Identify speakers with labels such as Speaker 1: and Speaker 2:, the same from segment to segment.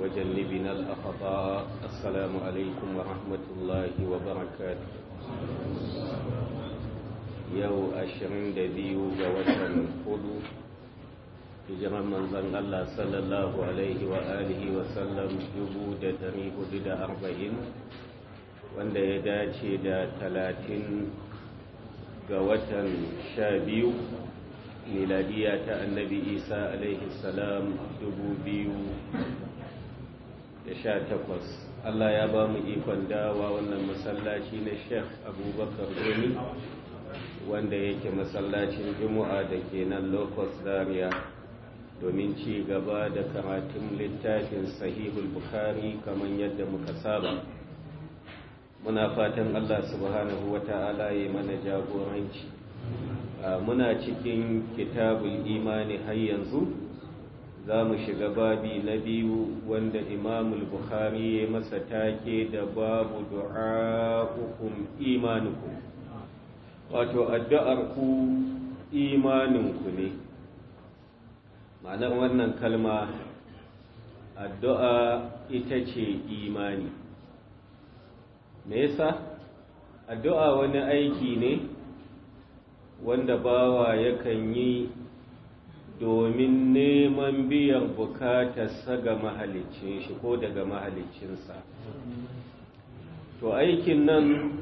Speaker 1: وجنبنا الأخطاء السلام عليكم ورحمة الله وبركاته yau ashirin da biyu ga watan hudu hijiran manzan Allah sallallahu alaihi wa wa sallam dubu da dari hudu da arba'in wanda ya dace da talatin ga watan sha biyu miladiya ta annabi isa alaihi dubu biyu da sha Allah ya ba mu ikon dawa wannan masallaci na sheikh abubakar Rumi, wanda yake masallacin juma'a da ke nan locus zaria domin ci gaba da karatun littafin sahihul bukhari kamar yadda muka saba muna fatan Allah subhanahu wa ta'ala ya mana jagoranci muna cikin kitabul imani har yanzu za mu shiga babi na biyu wanda imamul bukhari ya masa take da babu hukum imanukum wato addu'ar ku imaninku ne ma'anar wannan kalma addu'a ita ce imani me yasa addu'a wani aiki ne wanda bawa yakan yi domin neman biyan bukatarsa ga mahalicin shi ko daga mahalicinsa to aikin nan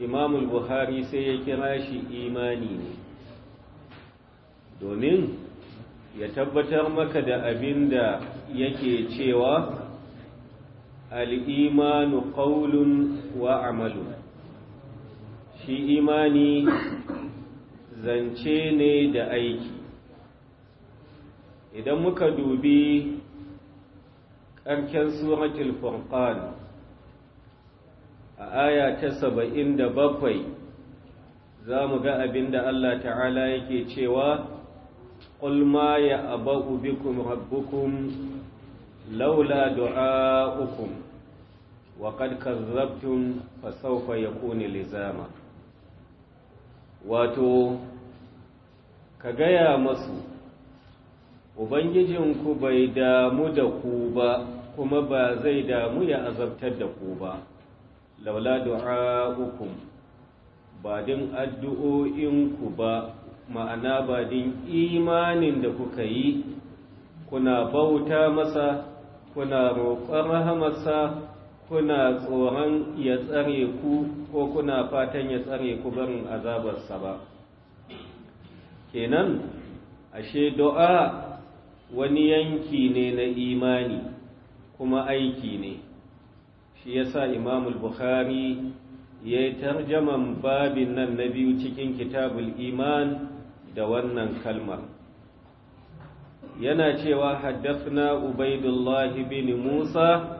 Speaker 1: imamul buhari sai ya kira shi imani ne domin ya tabbatar maka da abin da yake cewa al'imanu ƙaulun wa amalu shi imani zance ne da aiki idan muka dubi ƙarken suratul furqan a aya ta saba'in da bakwai za mu ga abin da Allah ta'ala yake cewa قل ما يأبأ بكم ربكم لولا دعاؤكم وقد كذبتم فسوف يكون لزاما wato ka gaya masu Ubangijin ku bai damu da ku ba, kuma ba zai damu ya azabtar da ku ba, laula du'a'ukum ba din addu'o'inku ba, ma'ana ba din imanin da kuka yi, kuna bauta masa, kuna roƙon masa, kuna tsoron ya tsare ku ko kuna fatan ya tsare ku barin azabarsa ba. Kenan, ashe do'a wani yanki ne na imani kuma aiki ne shi yasa imamul bukhari ya yi tarjaman babin nan na biyu cikin kitabul iman da wannan kalmar yana cewa haddafna ubaidullahi bin musa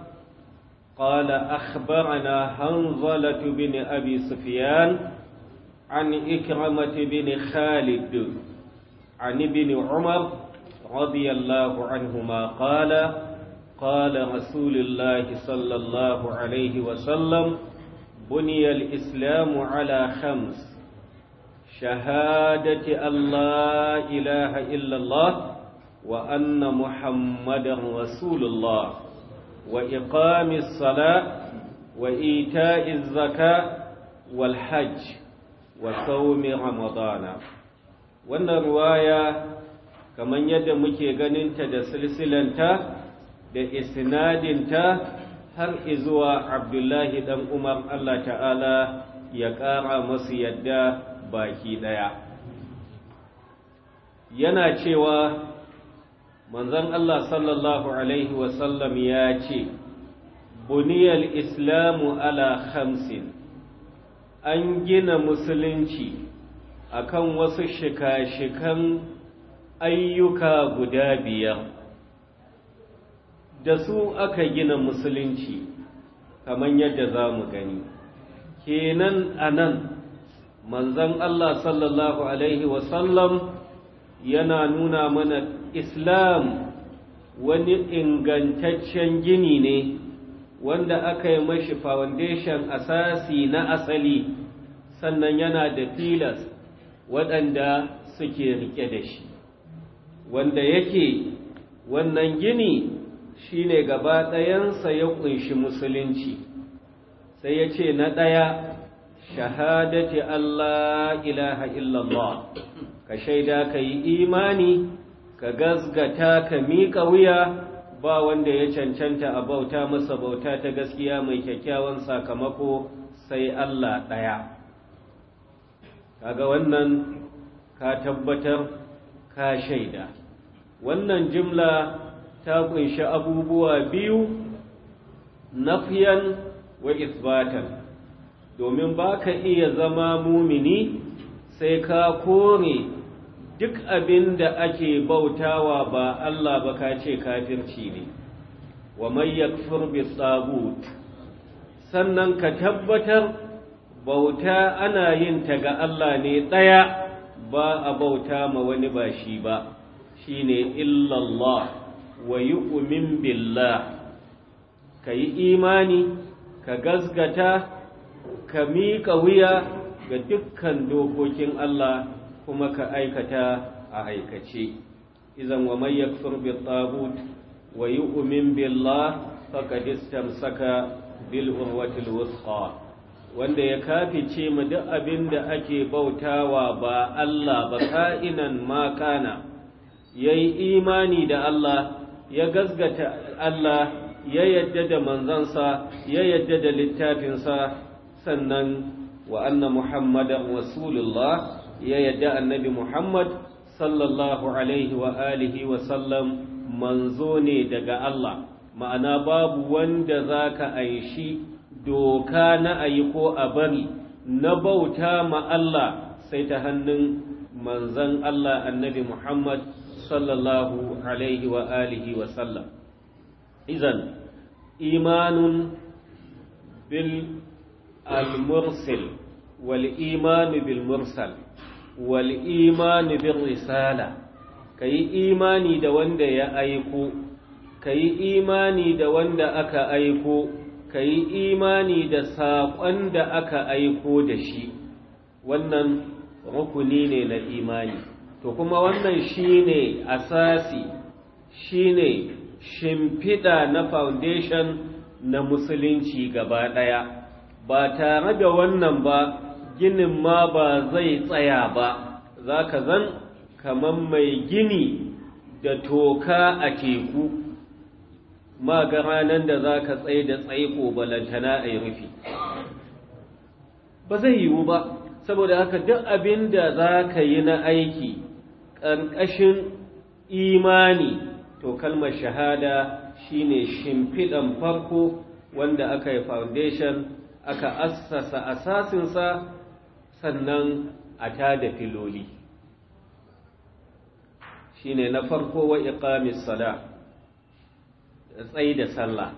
Speaker 1: قال أخبرنا هنظلة بن أبي سفيان عن إكرمة بن خالد عن ابن عمر رضي الله عنهما قال قال رسول الله صلى الله عليه وسلم بني الإسلام على خمس شهادة أن لا إله إلا الله وأن محمدا رسول الله وإقام الصلاة وإيتاء الزكاة والحج وصوم رمضان wannan ruwaya kamar yadda muke ganinta da silsilanta da isnadinta har izuwa abdullahi dan umar allah ta'ala ya ƙara masu yadda baki ɗaya yana cewa manzon allah sallallahu alaihi wasallam ya ce buniyar islamu ala hamsin an gina musulunci akan wasu shika-shikan ayyuka guda biyar da su aka gina musulunci kamar yadda za mu gani kenan a nan manzan Allah sallallahu Alaihi wasallam yana nuna mana islam wani ingantaccen gini ne wanda aka yi mashi foundation asasi na asali sannan yana da filas waɗanda suke rike da shi wanda yake wannan gini shine gaba ɗayansa ya ƙunshi musulunci sai ya ce na ɗaya shahadati Allah ilaha illallah ka shaida ka yi imani ka gazgata ka miƙa wuya ba wanda ya cancanta a bauta masa bauta ta gaskiya mai kyakkyawan sakamako sai Allah ɗaya kaga wannan ka tabbatar ka shaida wannan jimla ta kunshi abubuwa biyu nafiyan wa isbatan domin ba ka iya zama mumini sai ka kore duk abin da ake bautawa ba Allah ba ka ce kafirci ne wa mai yakfir bisabut sannan ka tabbatar bauta ana yin ta ga Allah ne ɗaya ba a bauta ma wani ba shi ba shine illallah wa yu'min billah ka yi imani ka gazgata ka mika wuya ga dukkan dokokin Allah kuma ka aikata a aikace idan wa may yakfur bi taghut wa yu'min billah faqad istamsaka bil urwatil wusqa wanda ya kafice mu duk abinda ake bautawa ba Allah ba ka'inan ma kana ya yi imani da Allah ya gazgata Allah ya yadda da manzansa ya yadda da littafinsa sannan wa anna muhammadan rasulullah ya yadda annabi muhammad sallallahu alaihi wa alihi wa sallam manzo ne daga Allah ma'ana babu wanda zaka aishi doka na ayi ko a bari na bauta ma Allah sai ta hannun manzan Allah annabi Muhammad sallallahu alaihi wa alihi wa sallam izan imanun bil al-mursil wal imanu bil mursal wal imanu bil risala kayi imani da wanda ya aiko kayi imani da wanda aka aiko kayi imani da saƙon da aka aiko da shi wannan rukuni ne na imani to kuma wannan shine asasi shine shimfiɗa na foundation na musulunci gaba ɗaya ba tare da wannan ba ginin ma ba zai tsaya ba za ka zan kamar mai gini da toka a teku
Speaker 2: ma ga ranar da za ka tsaye da
Speaker 1: tsaiko balantana a yi rufi ba zai yiwu ba saboda haka duk abin da za ka yi na aiki ƙarƙashin imani to kalmar shahada shine shimfiɗan farko wanda aka yi foundation aka assasa asasinsa sannan a tada filoli shine na farko wa iqamis sala tsayi da sallah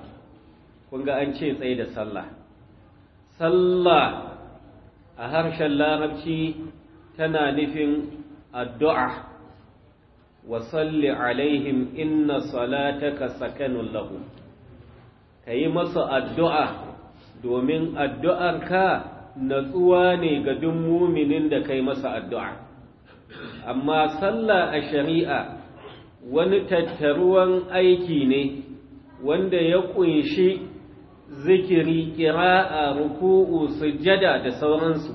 Speaker 1: kun ga an ce tsayi da sallah sallah a harshen larabci tana nufin addu'a wa salli alaihim inna salataka sakanun lahum ka yi masa addu'a domin addu'arka natsuwa ne ga duk muminin da kai masa addu'a amma sallah a shari'a wani tattaruwan aiki ne wanda ya ƙunshi zikiri ƙira'a ruku'u jada da sauransu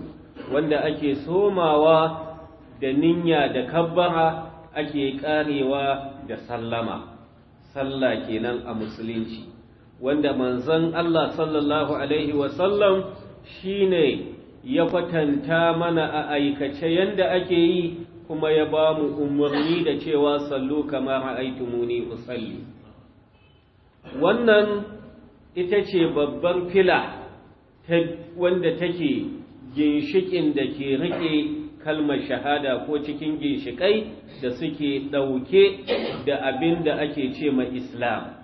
Speaker 1: wanda ake somawa da ninya da kabbara ake karewa da sallama sallah kenan a musulunci wanda manzon Allah sallallahu alaihi wasallam shine ya kwatanta mana a aikace yanda ake yi kuma ya ba mu umarni da cewa sallu kamar ra'aytumuni usalli wannan ita ce babbar fila wanda take ginshikin da ke riƙe. kalmar shahada ko cikin ginshiƙai da suke ɗauke da abin da ake ce ma islam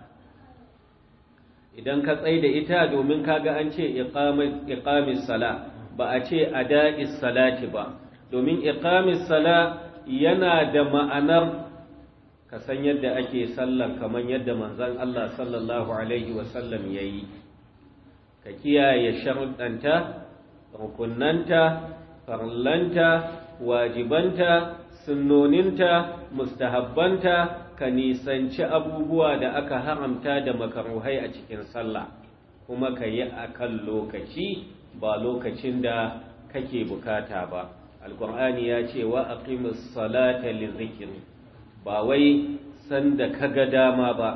Speaker 1: idan ka tsaye da ita domin kaga an ce iqamis sala ba a ce ada'is salati ba domin iqamis sala yana da ma'anar ka san yadda ake sallar kamar yadda manzon Allah sallallahu alaihi wasallam ya yi ka kiyaye sharuɗanta rukunanta farlanta wajibanta sunnoninta mustahabbanta ka nisanci abubuwa da aka haramta da makaruhai a cikin sallah kuma ka yi a kan lokaci ba lokacin da kake bukata ba alkur'ani ya ce wa aqimus salata lizikri ba wai sanda kaga dama ba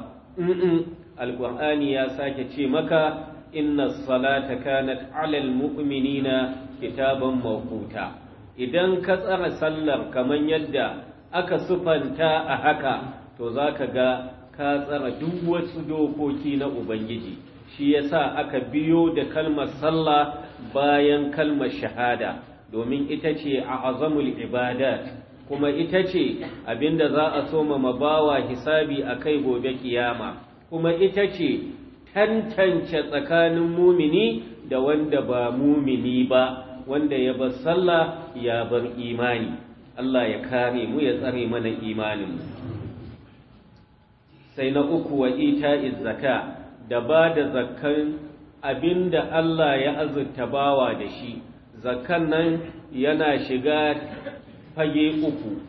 Speaker 1: alkur'ani ya sake ce maka inna salata kanat alal mu'minina kitaban mawquta idan ka tsara sallar kaman yadda aka sufanta a haka to zaka ga ka tsara duk wasu dokoki na ubangiji shi yasa aka biyo da kalmar sallah bayan kalmar shahada domin ita ce a azamul ibadat kuma ita ce abinda za a soma mabawa hisabi a kai gobe kiyama kuma ita ce tantance tsakanin mumini da wanda ba mumini ba wanda ya bar sallah ya bar imani Allah ya kare mu ya tsare mana imanin sai na uku wa ita zaka da ba da zakkan abinda Allah ya azurta bawa da shi zakkan nan yana shiga fage uku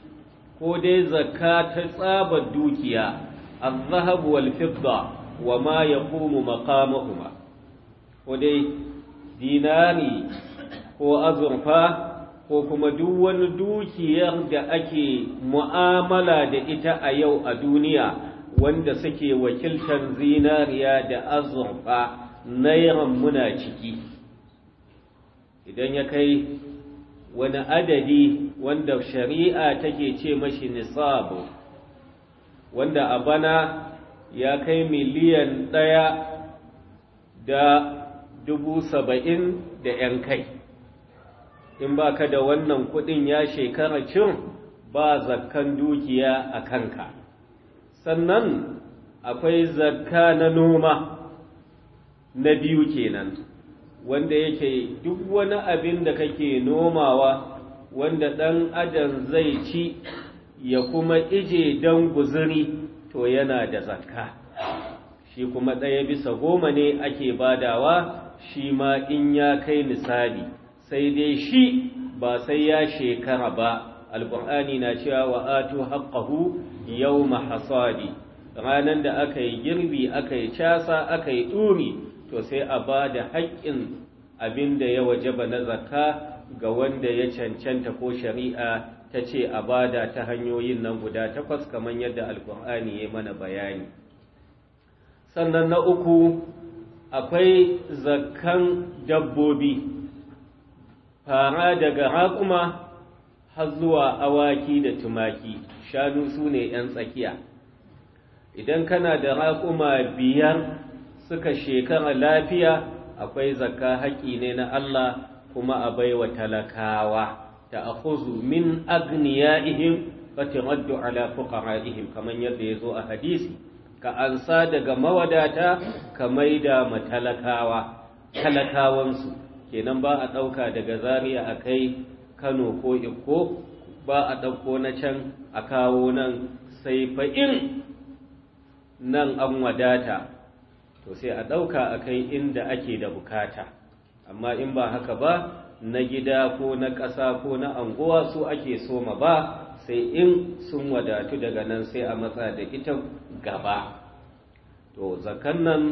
Speaker 1: ko dai zakka ta tsabar dukiya az-zahab wal fidda wa ma yaqumu maqamahuma ko dai ko azurfa ko kuma duk wani dukiyar da ake mu'amala da ita a yau a duniya wanda suke wakiltar zinariya da azurfa nairan muna ciki idan ya kai wani adadi wanda shari'a take ce mashi nisabu wanda a bana ya kai miliyan ɗaya da dubu saba'in da ‘yan kai’ in ba ka da wannan kudin ya shekara cin ba zakkan dukiya a kanka sannan akwai zakka na noma na biyu kenan wanda yake duk wani abin da kake nomawa wanda ɗan adam zai ci ya kuma ije don guzuri to yana da zakka shi kuma ɗaya bisa goma ne ake badawa shi ma in ya kai misali sai dai shi ba sai ya shekara ba alƙur'ani na cewa wa atu haqqahu yawma hasadi ranan da aka yi girbi aka yi casa aka yi ɗuri to sai a ba da haƙƙin abin da ya wajaba na zakka ga wanda ya cancanta ko shari'a ta ce a bada ta hanyoyin nan guda takwas kamar yadda alkur'ani ya mana bayani sannan na uku akwai zakkan dabbobi fara daga raƙuma har zuwa awaki da tumaki shanu su ne 'yan tsakiya idan kana da raƙuma biyar suka shekara lafiya akwai zakka haƙi ne na Allah kuma a baiwa talakawa ta akuzu min agniya agniyaihim fa turaddu ala ihim. Kamar yadda ya zo a hadisi ka ansa daga mawadata ka maida matalakawa talakawansu kenan ba a ɗauka daga zaria a kai kano ko ikko ba a ɗauko na can a kawo nan sai fa'in nan an wadata to sai a ɗauka a kai inda ake da bukata amma in ba haka ba na gida ko na ƙasa ko na anguwa su ake soma ba sai in sun wadatu daga nan sai a matsa da ita gaba to zakan nan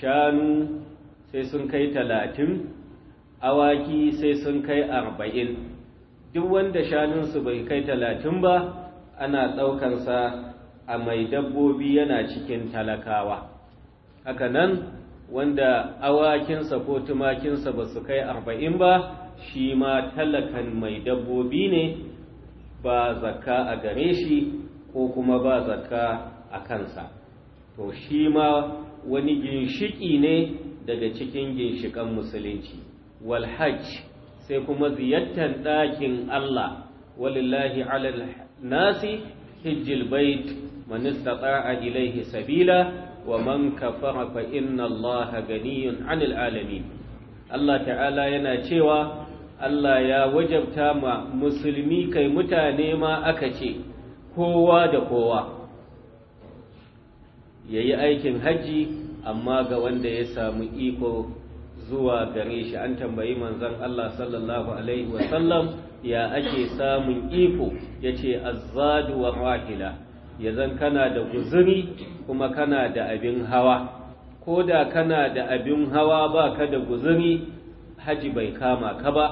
Speaker 1: shanu sai sun kai talatin awaki sai sun kai arba'in duk wanda shanunsu bai kai talatin ba ana ɗaukansa a mai dabbobi yana cikin talakawa haka nan wanda awakinsa ko tumakinsa ba su kai arba'in ba shi ma talakan mai dabbobi ne ba zakka a gare shi ko kuma ba zakka a kansa to shi ma wani ginshiki ne daga cikin ginshikan musulunci wal sai kuma ziyartar ɗakin Allah walillahi alal nasi hijjil bait man istata'a ilayhi sabila wa man kafara fa inna Allah ganiyun 'anil alamin Allah ta'ala yana cewa Allah ya wajabta ma musulmi kai mutane ma aka ce kowa da kowa yayi aikin hajji, amma ga wanda ya samu iko zuwa gare shi an tambayi manzon Allah sallallahu alaihi wasallam ya ake samun iko yace azadu wa rahila zan kana da guzuri kuma kana da abin hawa ko da kana da abin hawa ba ka da guzuri haji bai kama ka ba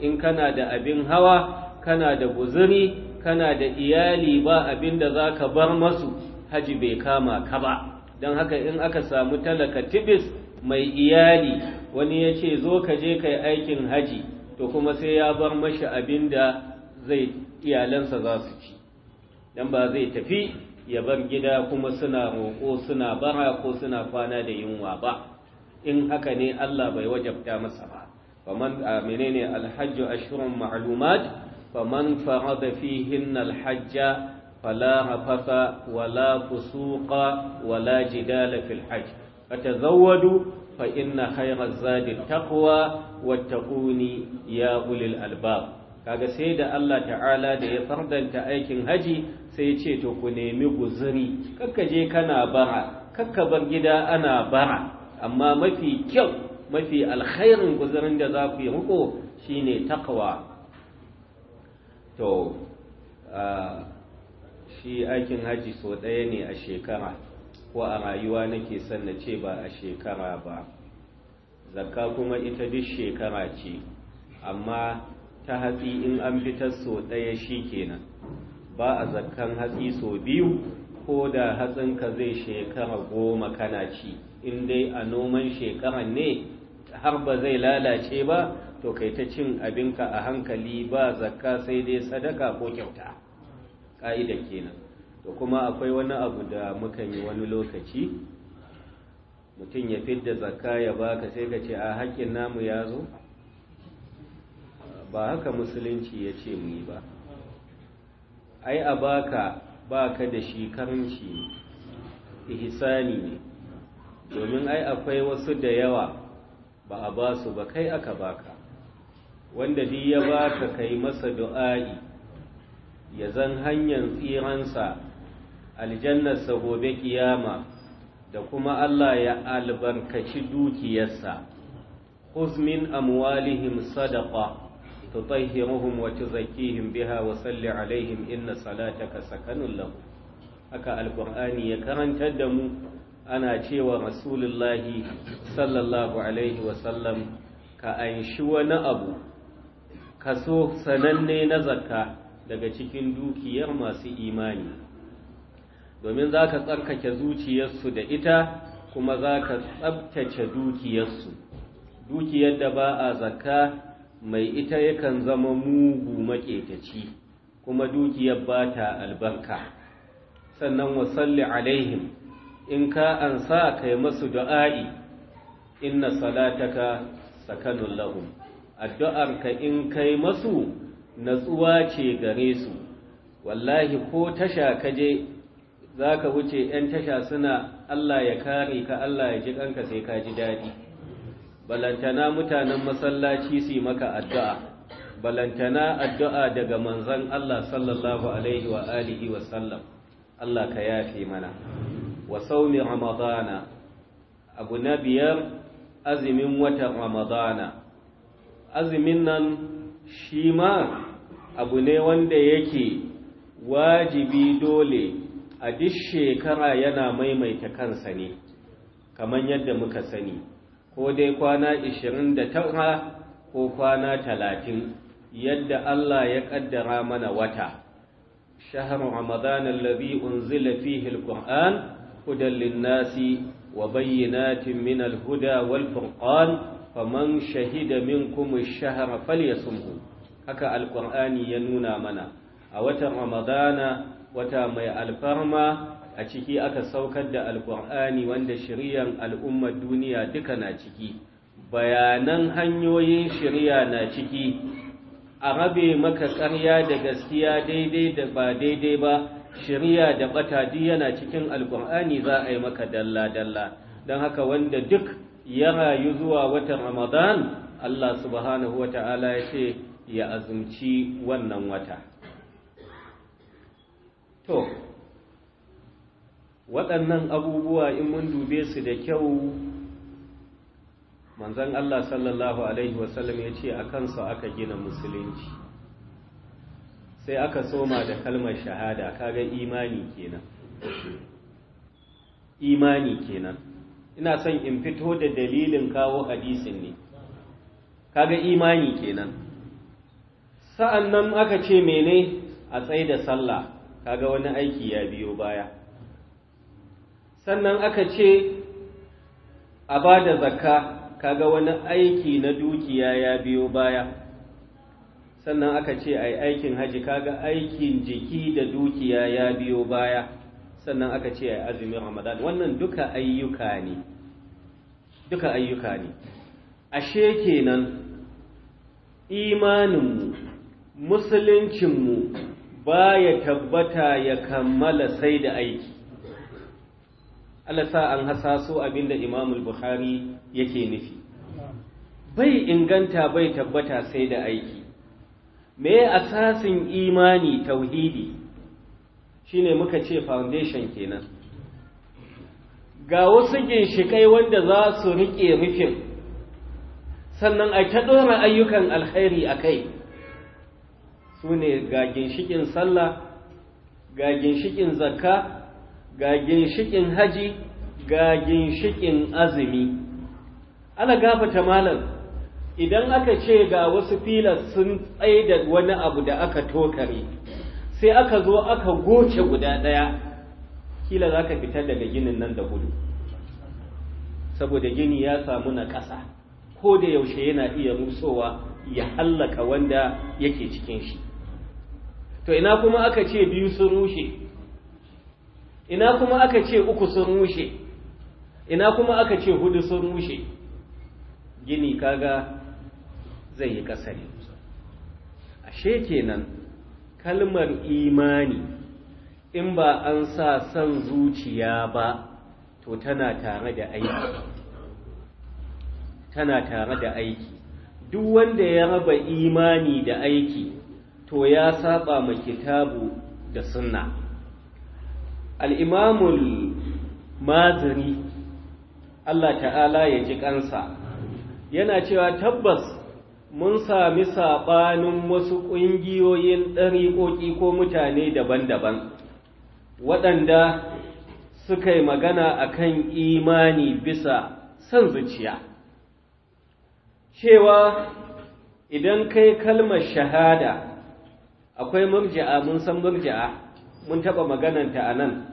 Speaker 1: in kana da abin hawa kana da guzuri kana da iyali ba abin da za ka bar masu haji bai kama ka ba don haka in aka samu talaka tibis mai iyali wani ya ce zo ka je kai aikin haji to kuma sai ya bar mashi abin da zai iyalansa za su ci dan ba zai tafi ya bar gida kuma suna roƙo suna bara ko suna kwana da yunwa ba in haka ne Allah bai wajabta masa ba faman menene alhajju ashhurun ma'lumat faman farada fihinna alhajja fala rafasa wala fusuqa wala jidala fil hajj fatazawwadu fa inna khayraz zadi taqwa wattaquni ya ulil albab kaga sai da Allah ta'ala da ya fardanta aikin haji sai ce to ku nemi guzuri kakka je kana bara kakka bar gida ana bara amma mafi kyau mafi alkhairin guzurin da za ku yi muku shine taqwa to shi aikin haji so ɗaya ne a shekara ko a rayuwa nake son na ce ba a shekara ba zakka kuma ita duk shekara ce amma ta hatsi in an fitar so ɗaya shi kenan ba a zakkan hatsi so biyu ko da hatsinka zai shekara goma kana ci in dai a noman shekaran ne har ba zai lalace ba to kai ta cin abinka a hankali ba zakka sai dai sadaka ko kyauta ƙa'idar kenan da kuma akwai wani abu da muka yi wani lokaci mutum ya fidda zakka ya baka sai ka ce a haƙƙin namu ya zo ba haka musulunci ya ce mu yi ba ai a baka baka da shi karanci ihsani ne domin ai akwai wasu da yawa ba a ba su ba kai aka baka wanda duk ya baka kai masa du'a'i ya zan hanyar tsiransa aljannarsa gobe kiyama da kuma Allah ya albarkaci dukiyarsa min amwalihim sadaqa tutayhiruhum wa tuzakkihim biha wa salli alaihim inna salataka sakanun lahum haka alqur'ani ya karantar da mu ana cewa rasulullahi sallallahu alaihi wa sallam ka anshi wani abu Ka so sananne na zakka daga cikin dukiyar masu imani domin za ka tsarkake zuciyarsu da ita kuma za ka tsabtace dukiyarsu dukiyar da ba a zakka mai ita yakan zama mugu maƙetaci kuma dukiyar ba ta albarka sannan wasalli alaihim in ka an sa kai masu du'a'i inna salataka sakanun lahum ka in kai masu natsuwa ce gare su wallahi ko tasha ka je. za ka wuce 'yan tasha suna Allah ya kare ka Allah ya ji kanka sai ka ji daɗi balantana mutanen masallaci su maka addu'a balantana addu'a daga manzan Allah sallallahu alaihi wa alihi wa Allah ka yafe mana wa saumi ramadana abu na biyar azumin watan ramadana azumin nan shi ma abu ne wanda yake wajibi dole a duk shekara yana maimaita kansa ne kamar yadda muka sani ko dai kwana 29 ko kwana 30 yadda Allah ya kaddara mana wata Shahar ramadan alladhi unzila fihi alquran hudan linnasi wa bayyinatin min alhuda wal furqan faman shahida minkum ash-shahra falyasumhu haka alqur'ani ya nuna mana a watan ramadana wata mai alfarma a ciki aka saukar da alkur'ani wanda shiriyan al'ummar duniya duka na ciki bayanan hanyoyin shirya na ciki a rabe maka ƙarya da gaskiya daidai da ba daidai ba shirya da bata duk yana cikin alkur'ani za a yi maka dalla-dalla don haka wanda duk ya rayu zuwa watan ramadan allah subhanahu wa ta'ala ya ce ya azumci wannan wata to waɗannan abubuwa in mun dube su da kyau manzan Allah sallallahu Alaihi wasallam ya ce a kansu aka gina musulunci sai aka soma da kalmar shahada kaga imani kenan imani kenan ina son in fito da dalilin kawo hadisin ne kaga imani kenan sa'an nan aka ce mene a tsaye da sallah kaga wani aiki ya biyo baya sannan aka ce a ba da zakka kaga wani aiki na dukiya ya biyo baya sannan aka ce a aikin haji kaga aikin jiki da dukiya ya biyo baya sannan aka ce a azumin ramadan wannan duka ayyuka ne duka ayyuka ne ashe kenan imaninmu musuluncinmu Ba ya tabbata ya kammala sai da aiki Allah sa an hasaso abinda imamul Bukhari yake nufi bai inganta bai tabbata sai da aiki me asasin imani tauhidi shine muka ce foundation kenan ga wasu ginshikai wanda za su riƙe rufin sannan a ta ɗora ayyukan alkhairi a kai su ne ga ginshikin sallah ga ginshikin zakka ga ginshikin haji ga ginshikin azumi ana gafata malam idan aka ce ga wasu filas sun da wani abu da aka tokare sai aka zo aka goce guda ɗaya kila za ka fitar daga ginin nan da gudu saboda gini ya samu na ƙasa ko da yaushe yana iya rutsowa ya hallaka wanda yake cikin shi to ina kuma aka ce biyu sun rushe ina kuma aka ce uku sun rushe ina kuma aka ce hudu sun rushe gini kaga zai yi kasari ashe kenan kalmar imani in ba an sa son zuciya ba to tana tare da aiki tana tare da aiki duk wanda ya raba imani da aiki to ya saba ma kitabu da sunna al'imamul maziri Allah ta'ala ya ji kansa yana cewa tabbas mun sami saɓanin wasu ƙungiyoyin ɗariƙoƙi ko mutane daban-daban waɗanda suka yi magana akan imani bisa son zuciya cewa idan kai kalmar shahada akwai murji'a mun san murji'a mun taɓa magananta a nan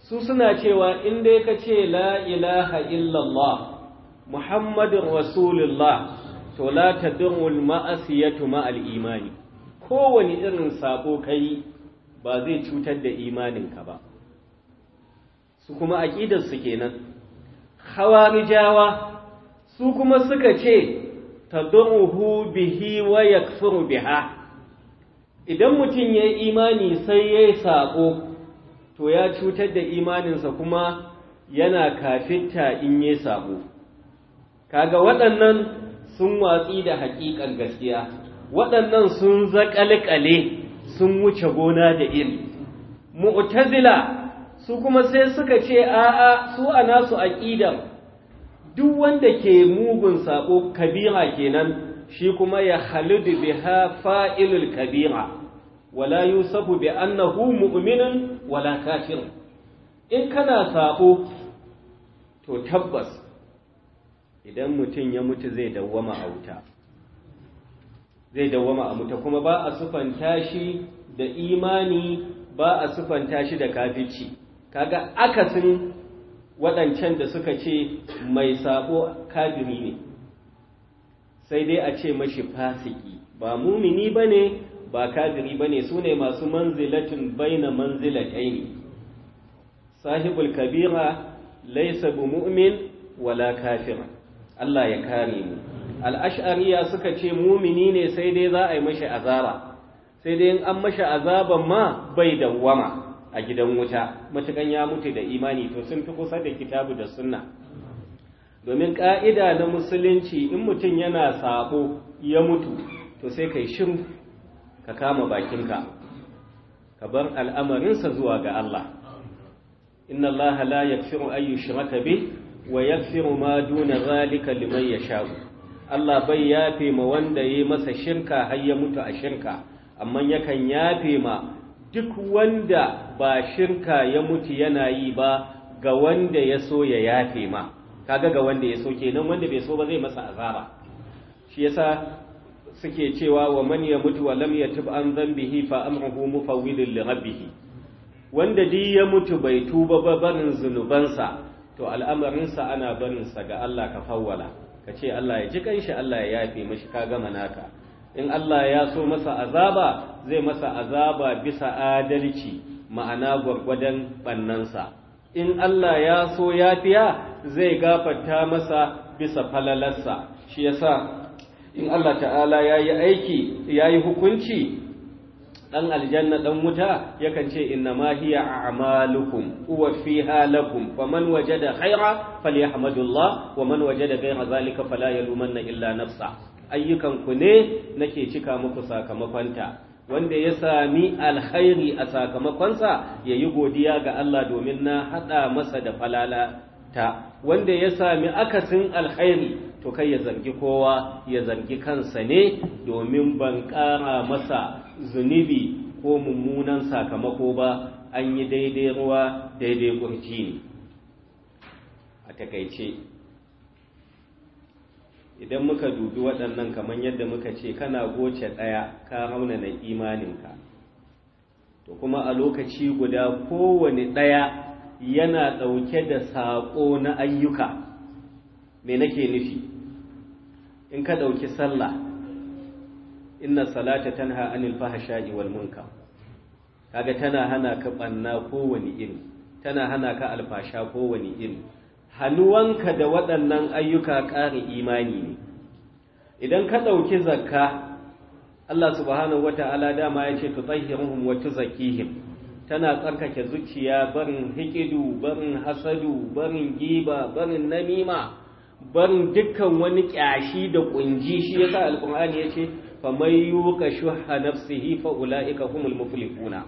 Speaker 1: su suna cewa in dai ka ce la ilaha illallah Muhammadu rasulullah to la tadurul ma'asiyatu ma'al imani kowane irin sako kai ba zai cutar da imaninka ba su kuma aƙidarsu kenan hawarijawa su kuma suka ce ta tadurruhu bihi wa yakfuru biha idan mutum ya imani sai ya yi saƙo to ya cutar da imaninsa kuma yana kafinta in ya yi saƙo kaga waɗannan sun watsi da haƙiƙan gaskiya waɗannan sun zaƙalƙale sun wuce gona da iri mu'tazila su kuma sai suka ce a'a su a nasu aƙidan duk wanda ke mugun saƙo kabira kenan shi kuma ya halidu biha fa'ilul kabira wala Yusufu bi annahu mu’uminin wala kafir in kana saɓo to tabbas idan mutum ya mutu zai dawwama a wuta zai dawwama a kuma ba a sufanta shi da imani ba a sufanta shi da kafici kaga akasin waɗancan da suka ce mai saɓo kafiri ne sai dai a ce mashi fasiki ba mumini ne, ba ba ne. Su ne masu manzilatin baina ɗaini sahibul kabira bu mu'min wala kafira Allah ya kare mu al-ash'ariya suka ce mumini ne sai dai za a yi mashi azaba sai dai in an mashi azaban ma bai da wama. a gidan wuta matukan ya mutu da imani to sun fi kusa da kitabu da sunna domin ƙa'ida na musulunci in mutum yana sabo ya mutu to sai kai shiru ka kama bakinka ka bar al'amarinsa zuwa ga Allah inna Allah la yakfiru an yushraka bi wa fi ma duna zalika liman yasha Allah bai yafe ma wanda ya masa shirka har ya mutu a shirka amma yakan yafe ma duk wanda ba shirka ya mutu yana yi ba ga wanda ya so ya yafe ma kaga ga wanda ya so kenan wanda bai so ba zai masa azaba shi yasa suke cewa wa man ya mutu wa lam yatub an dhanbihi fa amruhu mufawwidun li rabbih wanda di ya mutu bai tuba ba barin zunubansa to al'amarinsa ana barinsa ga Allah ka fawwala ka ce Allah ya ji kanshi Allah ya yafe mishi ka manaka naka in Allah ya so masa azaba zai masa azaba bisa adalci ma'ana gwargwadon bannansa in Allah ya so ya fiya zai gafarta masa bisa falalarsa shi yasa in Allah ta'ala ya yi aiki ya yi hukunci dan aljanna dan wuta yakan ce inna ma hiya a'malukum huwa fiha lakum faman wajada khaira falyahmadullah wa man wajada ghayra zalika fala yalumanna illa nafsa ayyukan ku ne nake cika muku sakamakonta wanda ya sami alkhairi a sakamakonsa ya yi godiya ga Allah domin na haɗa masa da falala ta wanda ya sami akasin alkhairi to kai ya zargi kowa ya zargi kansa ne domin ban ƙara masa zunubi ko mummunan sakamako ba an yi daidai ruwa daidai kurci ne a takaice idan muka dubi waɗannan kamar yadda muka ce kana goce ɗaya ka na imaninka to kuma a lokaci guda kowane ɗaya yana ɗauke da saƙo na ayyuka me nake nufi in ka ɗauki sallah inna salata tanha anil fahasha'i wal munkar kaga tana hana ka ɓanna kowane iri tana hana ka alfasha kowane iri hannuwanka da waɗannan ayyuka ƙarin imani ne idan ka ɗauki zakka Allah subhanahu wata'ala dama ya ce tutahhiruhum wata zakihim tana tsarkake zuciya barin hikidu barin hasadu barin giba barin namima barin dukkan wani ƙyashi da ƙunji, shi ya sa ya ce, yace yi yuqa shuha nafsihi fa ulaika humul muflihuna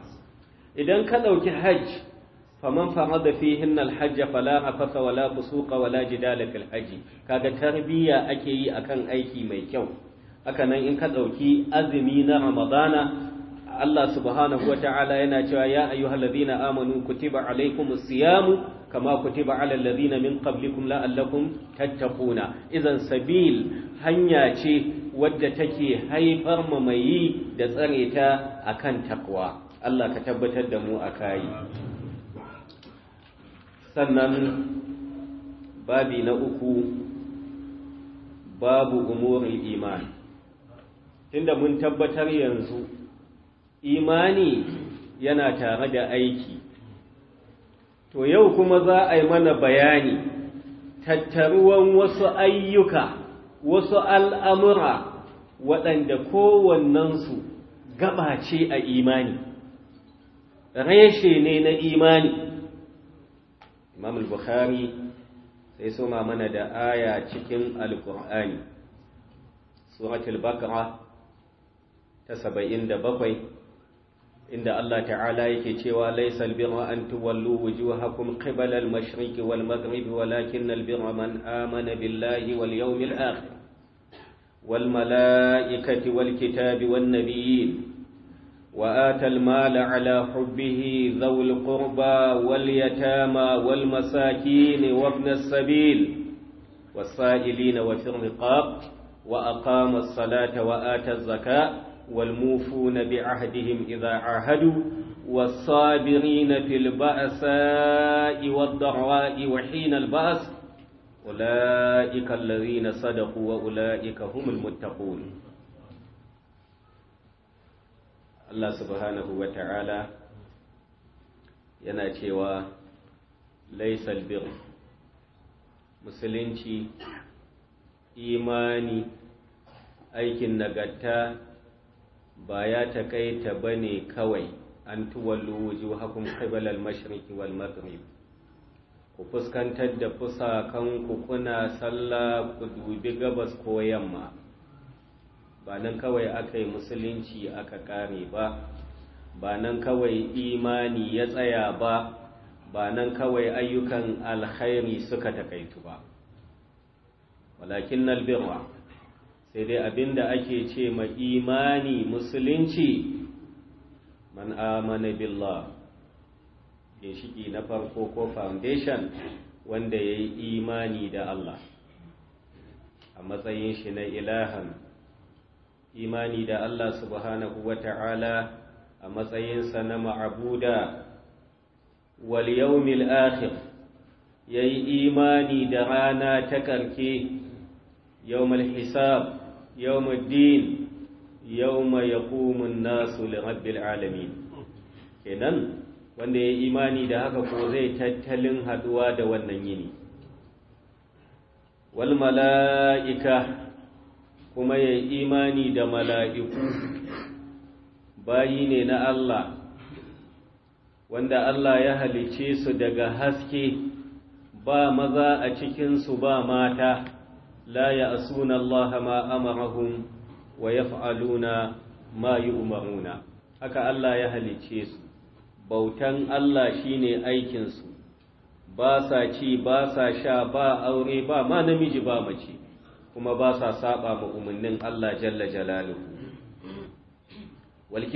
Speaker 1: idan ka ɗauki hajj faman da fihin alhajj fala hafasa wala fusuqa wala jidala fil haji kaga tarbiyya ake yi akan aiki mai kyau haka nan in ka ɗauki azumi na ramadana Allah subhanahu wa ta'ala yana cewa ya ayyuhalladhina amanu kutiba alaykumus siyamu kama kutiba alal ladhina min qablikum la'allakum tattaquna idan sabil hanya ce wadda take haifar mamayi da tsare ta akan takwa Allah ka tabbatar da mu akai sannan babi na uku babu gumurin imani tunda mun tabbatar yanzu imani yana tare da aiki to yau kuma za a yi mana bayani tattaruwan wasu ayyuka wasu al'amura waɗanda kowannensu gaba ce a imani reshe ne na imani imam al-bukhari sai suna mana da aya cikin al-qur'ani suratul baqara ta bakwai, inda Allah ta'ala yake cewa laisal birra an tuwallu wujuhakum qibala al-mashriq wal walakin al-birra man amana billahi wal yawmil akhir wal malaikati wal kitabi wan nabiyyin وآتى المال على حبه ذوي القربى واليتامى والمساكين وابن السبيل والسائلين وفي الرقاب وأقام الصلاة وآتى الزكاة والموفون بعهدهم إذا عاهدوا والصابرين في البأساء والضراء وحين البأس أولئك الذين صدقوا وأولئك هم المتقون Allah subhanahu wa ta'ala yana cewa laisal bir musulunci imani aikin nagarta ba ya taƙaita ba ne kawai an tuwallo wuju hakun kabilar mashirki wal maghrib ku fuskantar da fusakan ku kuna sallah ku dubi gabas ko yamma ba nan kawai aka yi musulunci aka kare ba ba nan kawai imani ya tsaya ba ba nan kawai ayyukan alkhairi suka takaitu ba walakin nalbirwa sai dai abinda ake ce ma imani musulunci man amana billah ginshiki na farko ko foundation wanda ya yi imani da Allah a matsayin shi na ilahan imani da Allah subhanahu wa ta'ala a matsayinsa na ma'abuda wal yawmil akhir yayi imani da rana ta karke yawmul hisab yawmul din yawma yaqumu nasu li rabbil alamin kenan wanda ya imani da haka ko zai tattalin haduwa da wannan yini wal mala'ika kuma ya imani da mala'iku bayi ne na Allah wanda Allah ya halice su daga haske ba maza a cikinsu ba mata la ya asuna Allah ma amarahum wa fa’aluna ma yi umaruna haka Allah ya halice su bautan Allah shine aikinsu ba sa ci ba sa sha ba aure ba ma namiji ba mace kuma ba sa saba ma umarnin Allah jalla jalaluhu wal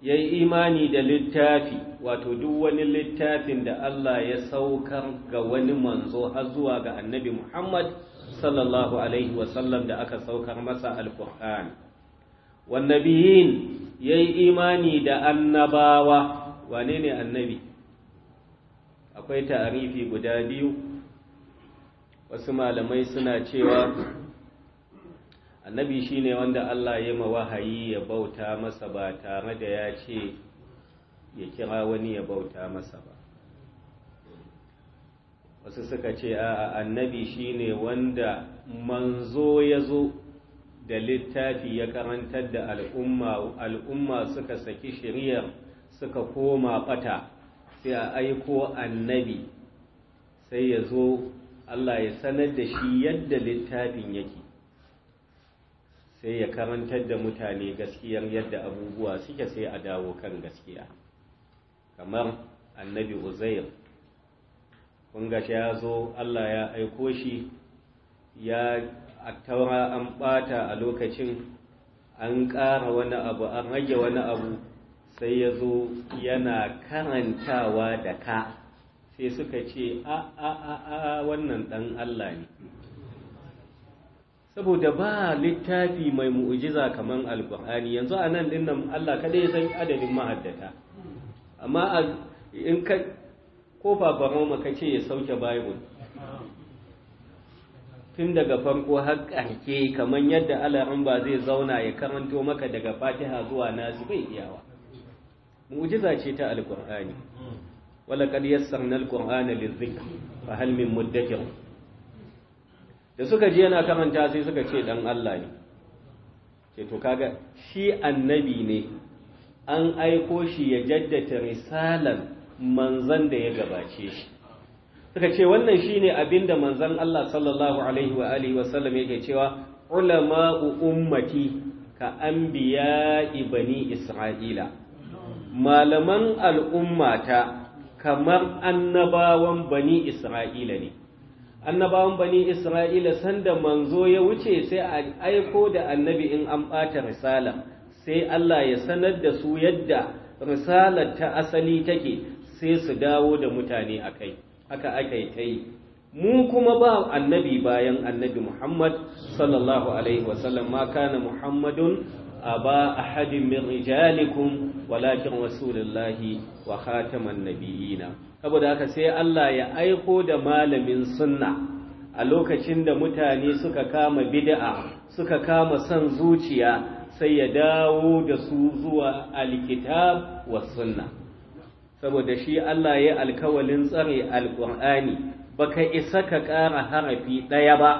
Speaker 1: yayi imani da littafi wato duk wani littafin da Allah ya saukar ga wani manzo har zuwa ga annabi Muhammad sallallahu alaihi wasallam da aka saukar masa alqur'an wan yayi imani da annabawa wane ne annabi akwai ta'arifi guda biyu wasu malamai suna cewa annabi shine wanda Allah ya ma wahayi ya bauta masa ba tare da ya ce ya kira wani ya bauta masa ba wasu suka ce a annabi shine wanda manzo ya zo da littafi ya karantar da al'umma al'umma suka saki shiriyar suka koma fata sai a aiko annabi sai ya zo Allah ya sanar da shi yadda littafin yake sai ya karantar da mutane gaskiyar yadda abubuwa suke sai a dawo kan gaskiya kamar annabi uzair kun shi ya zo Allah ya aiko shi ya attaura an bata a lokacin an ƙara wani abu an rage wani abu sai ya zo yana karantawa da ka sai suka ce a a a a wannan dan Allah ne saboda ba littafi mai mu'jiza kamar alkur'ani yanzu a nan ɗin nan Allah kadai ya san adadin mahaddata amma in ka ko babaroma maka ce ya sauke bible tun daga farko har ƙarke kamar yadda alarin ba zai zauna ya karanto maka daga fatiha zuwa nasu bai iyawa mu'ujiza ce ta alkur'ani walaqad yassarna Qur'ana lizikr fa hal min muddakir da suka ji yana karanta sai suka ce dan Allah ne ce to kaga shi annabi ne an aiko shi ya jaddata risalan manzon da ya gabace shi suka ce wannan shine abinda manzon Allah sallallahu alaihi wa alihi wa sallam yake cewa ulama ummati ka anbiya Ibani isra'ila malaman al'ummata kamar annabawan bani isra'ila ne annabawan bani isra'ila sanda manzo ya wuce sai a aiko da annabi in an ɓata risala sai Allah ya sanar da su yadda risalar ta asali take sai su dawo da mutane a kai haka aka yi ta yi mu kuma ba annabi bayan annabi muhammad sallallahu alaihi wasallam ma kana muhammadun aba ahadin min rijalikum walakin rasulullahi wa khataman nabiyina saboda haka sai Allah ya aiko da malamin sunna a lokacin da mutane suka kama bid'a suka kama son zuciya sai ya dawo da su zuwa alkitab wa sunna saboda shi Allah ya alkawalin tsare alqur'ani baka isa ka ƙara harafi ɗaya ba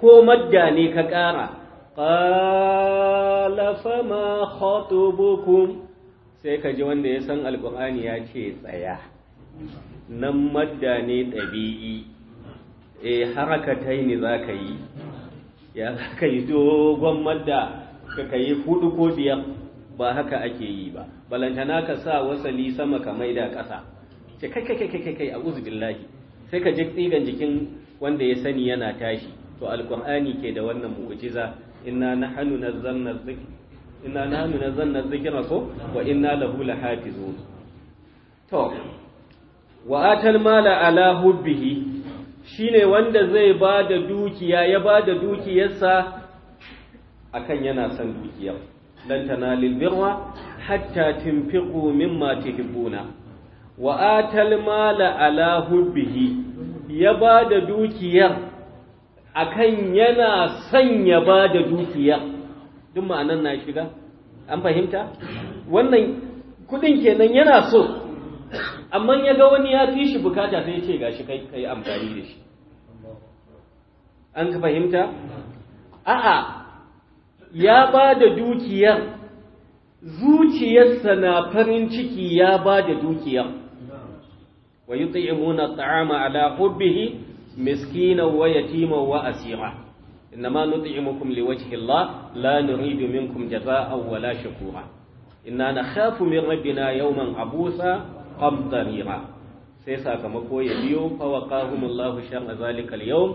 Speaker 1: ko madda ne ka ƙara qala fama khatubukum sai ka ji wanda ya san alqur'ani ya ce tsaya nan madda ne ɗabi'i e harakatai ne za ka yi ya za ka yi dogon madda ka ka yi hudu ko biyar ba haka ake yi ba balantana ka sa wasali sama ka mai da ƙasa ce kai kai kai kai a billahi sai ka ji tsigan jikin wanda ya sani yana tashi to alkur'ani ke da wannan mu'jiza inna nahnu nazzalna dhikra inna nahnu nazzalna dhikra wa inna lahu lahafizun to wa atal mala ala hubbihi shine wanda zai ba da dukiya ya ba da dukiyarsa akan yana son dukiyar lan tanalil birra hatta tunfiqu mimma tuhibbuna wa atal mala ala hubbihi ya ba da dukiyar akan yana sanya ba da dukiya duk ma'anan na shiga an fahimta wannan kudin kenan yana so amma ya ga wani ya fi shi bukata sai ce gashi kai kai amfani da shi an ka fahimta a'a ya ba da dukiyar zuciyarsa na farin ciki ya ba da dukiya wa yut'imuna ta'ama ala hubbihi miskina wa yatima wa asira innama nut'imukum liwajhi Allah la nuridu minkum jazaa'an wa la shukura inna nakhafu min rabbina yawman abusa qamtarira sai sakamako ya biyo fa waqahum Allah sharra zalika al-yawm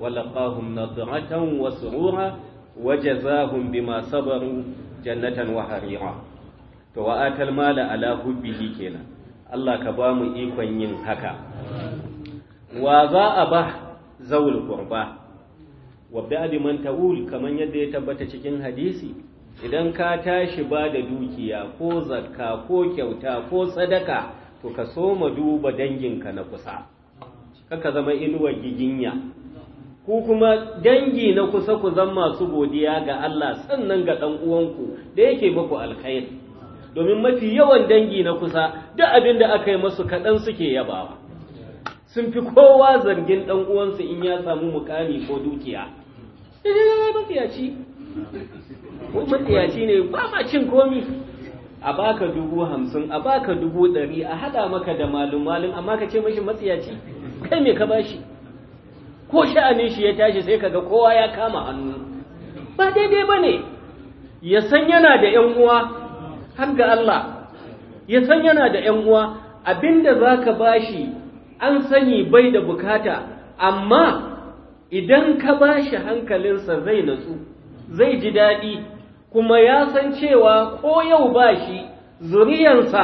Speaker 1: wa laqahum nadratan wa surura wa jazaahum bima sabaru jannatan waharira. harira to wa atal mala ala hubbihi kenan Allah ka ba mu ikon yin haka wa za a ba zaul qurba wa abi man ta'ul kaman yadda ya tabbata cikin hadisi idan ka tashi ba da dukiya ko zakka ko kyauta ko sadaka to ka soma duba danginka na kusa kaka zama inuwa giginya ku kuma dangi na kusa ku zan masu godiya ga Allah sannan ga ɗan uwanku da yake muku alkhairi domin mafi yawan dangi na kusa duk abin da aka yi masu kaɗan suke yabawa sun fi kowa zargin ɗan uwansa in ya samu mukami ko dukiya mafiyaci mafiyaci ne ba ma cin komi a baka dubu hamsin a baka dubu ɗari a haɗa maka da malum-malum amma ka ce mashi matsiyaci kai me ka bashi ko sha'anin shi ya tashi sai kaga kowa ya kama hannu ba daidai ba ne ya san yana da ‘yan uwa har ga Allah ya san yana da ‘yan uwa abinda za ka bashi an sani bai da bukata amma idan ka ba shi hankalinsa zai natsu zai ji daɗi kuma ya san cewa ko yau ba shi zuriyansa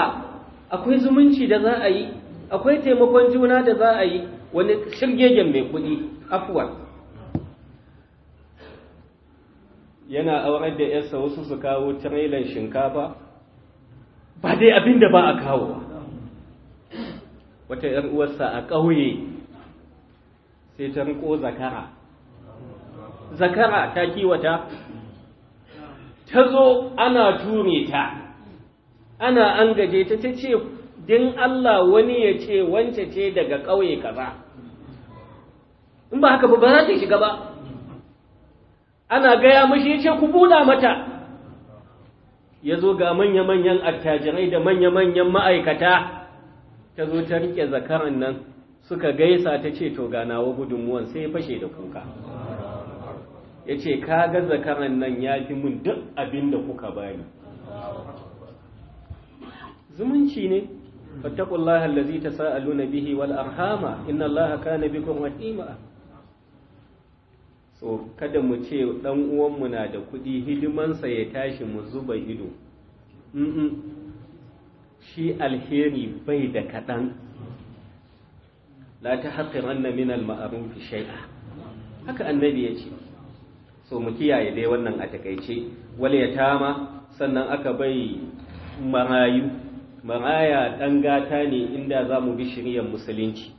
Speaker 1: akwai zumunci da za a yi akwai taimakon juna da za a yi wani shirgegen mai kuɗi afuwa yana aurar da yarsa wasu su kawo trailan shinkafa ba dai abin da ba a kawo ba. wata ‘yar uwarsa a ƙauye sai ta riko zakara zakara ta kiwata ta zo ana ture ta ana an gaje ta ta ce din Allah wani ya ce wance ce daga ƙauye ka ba? in ba haka ba ba za ta shiga ba ana gaya mashi ya ce ku buɗa mata ya zo ga manya-manyan attajirai da manya-manyan ma'aikata ta zo ta rike zakaran nan suka gaisa ta ce to ga nawa gudunmuwan sai fashe da kuka ya ce ka ga zakaran nan ya fi mun duk abin da kuka bani zumunci ne fattakullaha allazi tasaaluna bihi wal arhama inna allaha kana bikum rahima so kada mu ce dan uwanmu na da kuɗi hidimansa ya tashi mu zuba ido shi alheri bai da kaɗan la ta haƙiran na minal ma'arun fi shai'a haka annabi ya ce so mu kiyaye dai wannan a takaice wal yatama sannan aka bai marayu maraya ɗan gata ne inda zamu bi shiriyar musulunci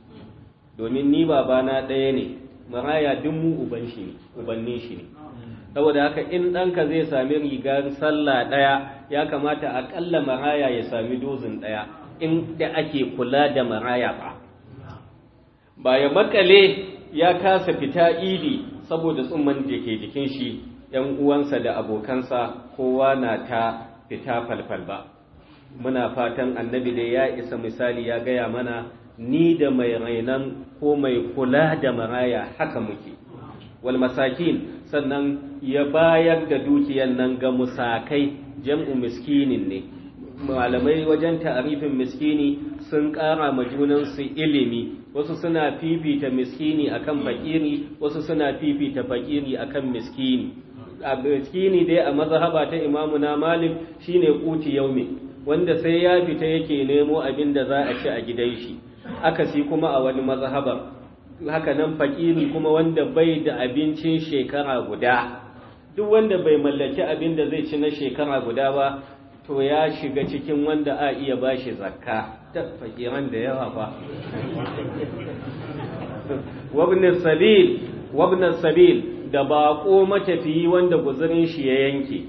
Speaker 1: domin ni babana ɗaya ne maraya duk mu uban shi ubannin shi saboda haka in ɗanka zai sami rigar sallah ɗaya ya kamata aƙalla maraya ya sami dozin ɗaya inda ake kula da maraya ba ba ya makale ya kasa fita ili saboda tsumman da ke jikin shi ‘yan uwansa da abokansa kowa na ta fita falfal ba muna fatan annabi da ya isa misali ya gaya mana ni da mai rainan ko mai kula da maraya haka muke Walmasakin sannan ya bayar da dukiyan nan ga musakai jam'u miskinin ne malamai wajen ta'arifin miskini sun ƙara ma junansu ilimi wasu suna fifita miskini akan fakiri wasu suna fifita fakiri akan miskini a miskini dai a mazhaba ta imamu na malik shine kuti yaumi wanda sai ya fita yake nemo abin da za a ci a gidan shi akasi kuma a wani mazhaba haka nan fakiri kuma wanda bai da abincin shekara guda duk wanda bai mallaki abin da zai ci na shekara guda ba to ya shiga cikin wanda a iya ba shi zakka ta fakiran da yawa ba wabnin sabil wabnin sabil da baƙo matafiyi wanda guzurin shi ya yanke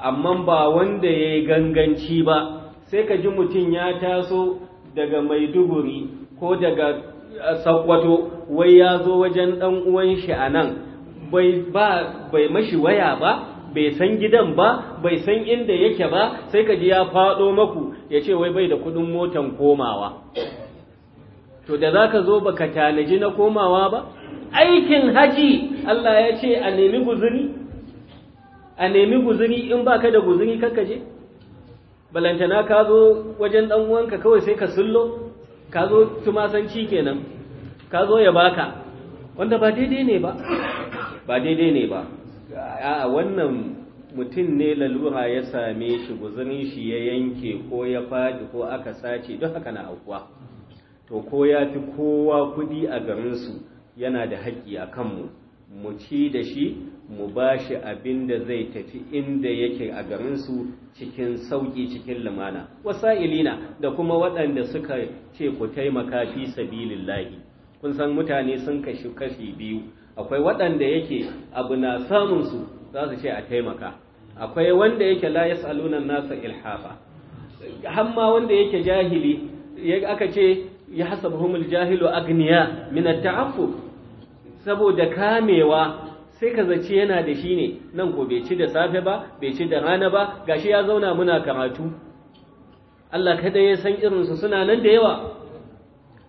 Speaker 1: amma ba wanda ya yi ganganci ba sai ka ji mutum ya taso daga maiduguri ko daga eh, sakwato wai ya zo wajen ɗan uwan shi a nan bai ba bai mashi waya ba bai san gidan ba bai san inda yake ba sai ka ji ya faɗo maku ya ce wai bai da kuɗin motan komawa to da za ka zo ba ka tanaji na komawa ba aikin haji Allah ya ce a nemi guzuri a nemi guzuri in ba ka da guzuri kakaje je balantana ka zo wajen ɗan'uwanka kawai sai ka sullo ka zo tumasanci kenan ka zo ya baka wanda ba daidai ne ba ba daidai ne ba a wannan mutum ne lalura ya same shi guzurin shi ya yanke ko ya faɗi ko aka sace duk haka na aukuwa to ko ya fi kowa kuɗi a garinsu yana da haƙƙi a kanmu mu ci da shi mu ba shi abin da zai tafi inda yake a garinsu cikin sauƙi cikin lumana wasa'ilina da kuma waɗanda suka ce ku taimaka fi sabilillahi kun san mutane sun kashi kashi biyu akwai waɗanda yake abu na samun su za su ce a taimaka akwai wanda yake la yas'aluna nasa ilhafa hamma wanda yake jahili aka ce ya hasabuhumul jahilu agniya min at saboda kamewa sai ka zace yana da shi ne nan ko bai ci da safe ba bai ci da rana ba ga shi ya zauna muna karatu Allah kada ya san irinsu suna nan da yawa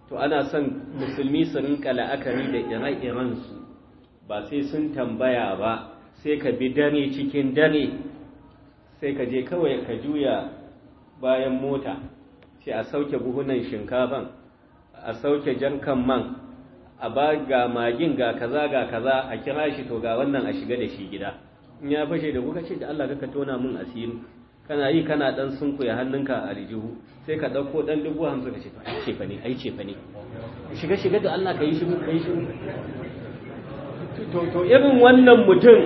Speaker 1: to ana son musulmi su rinka la'akari da ire iren su. ba sai sun tambaya ba sai ka bi dare cikin dare sai ka je kawai ka juya bayan mota sai a sauke buhunan shinkafan a sauke jankan man a ba ga magin ga kaza ga kaza a kira shi to ga wannan a shiga da shi gida in ya fashe da kuka ce da Allah ka tona mun asiri kana yi kana dan sunkuya hannunka a rijihu sai ka dauko dan dubu hamsin ka ce to ai ce fa ne ai ce fa ne
Speaker 2: shiga shiga da Allah ka yi shiru ka yi shiru to irin
Speaker 1: wannan mutum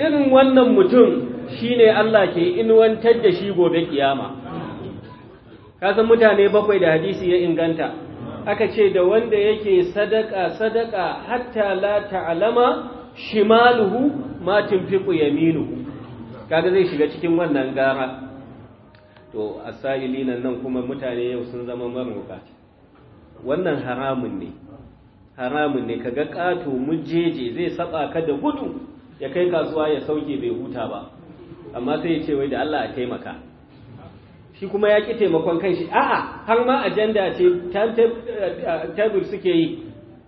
Speaker 1: irin wannan mutum shine Allah ke inuwantar da shi gobe kiyama kasan mutane bakwai da hadisi ya inganta aka ce da wanda yake sadaka sadaka hatta la ta'lama shimaluhu ma tinfiqu yaminuhu kaga zai shiga cikin wannan gara to asailin nan kuma mutane yau sun zama maruka wannan haramun ne haramun ne kaga kato mujeje zai saba ka da gudu ya kai kasuwa ya sauke bai huta ba amma sai ya ce wai da Allah a taimaka shi kuma ya ki taimakon kanshi a'a har ma ajanda ce tabir suke yi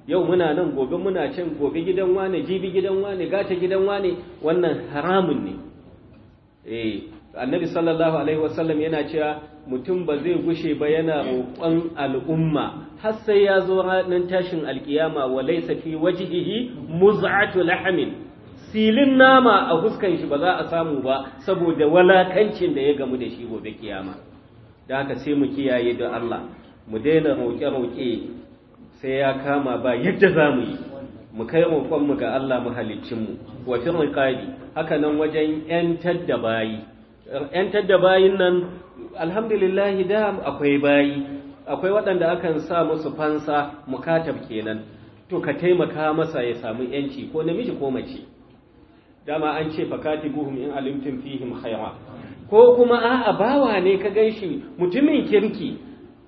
Speaker 1: yau muna nan gobe muna can gobe gidan wane jibi gidan wane gata gidan wane wannan haramun ne eh annabi sallallahu alaihi wasallam yana cewa mutum ba zai gushe ba yana roƙon al'umma har sai ya zo ranar tashin alkiyama wa laisa fi wajhihi muz'atu lahamin silin nama a huskan shi ba za a samu ba saboda walakancin da ya gamu da shi gobe kiyama da haka sai mu kiyaye da Allah mu daina roƙe-roƙe sai ya kama ba yadda za mu yi mu kai roƙonmu ga Allah mu haliccinmu wa fi haka nan wajen 'yantar da bayi 'yantar da bayin nan alhamdulillahi da akwai bayi akwai waɗanda akan sa musu fansa mukatab kenan to ka taimaka masa ya samu yanci ko namiji ko mace dama an ce fakati buhum in alimtum fihim khaira ko kuma a'a bawa ne ka gan shi mutumin kirki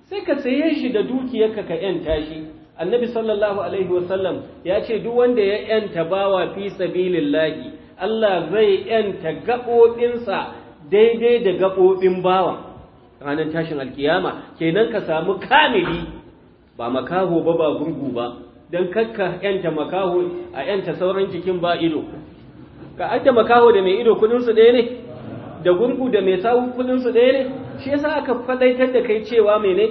Speaker 1: sai ka saye shi da dukiyarka ka yanta shi annabi sallallahu alaihi wasallam ya ce duk wanda ya yanta bawa fi sabilillahi Allah zai yanta gaɓoɗinsa. daidai da gaɓoɓin bawa ranar tashin alkiyama kenan ka samu kamili ba makaho ba ba gurgu ba don kakka yanta makaho a yanta sauran cikin ba ido ka aita makaho da mai ido kudinsu ɗaya ne da gurgu da mai sawu kudinsu ɗaya ne shi yasa aka faɗaitar da kai cewa ne?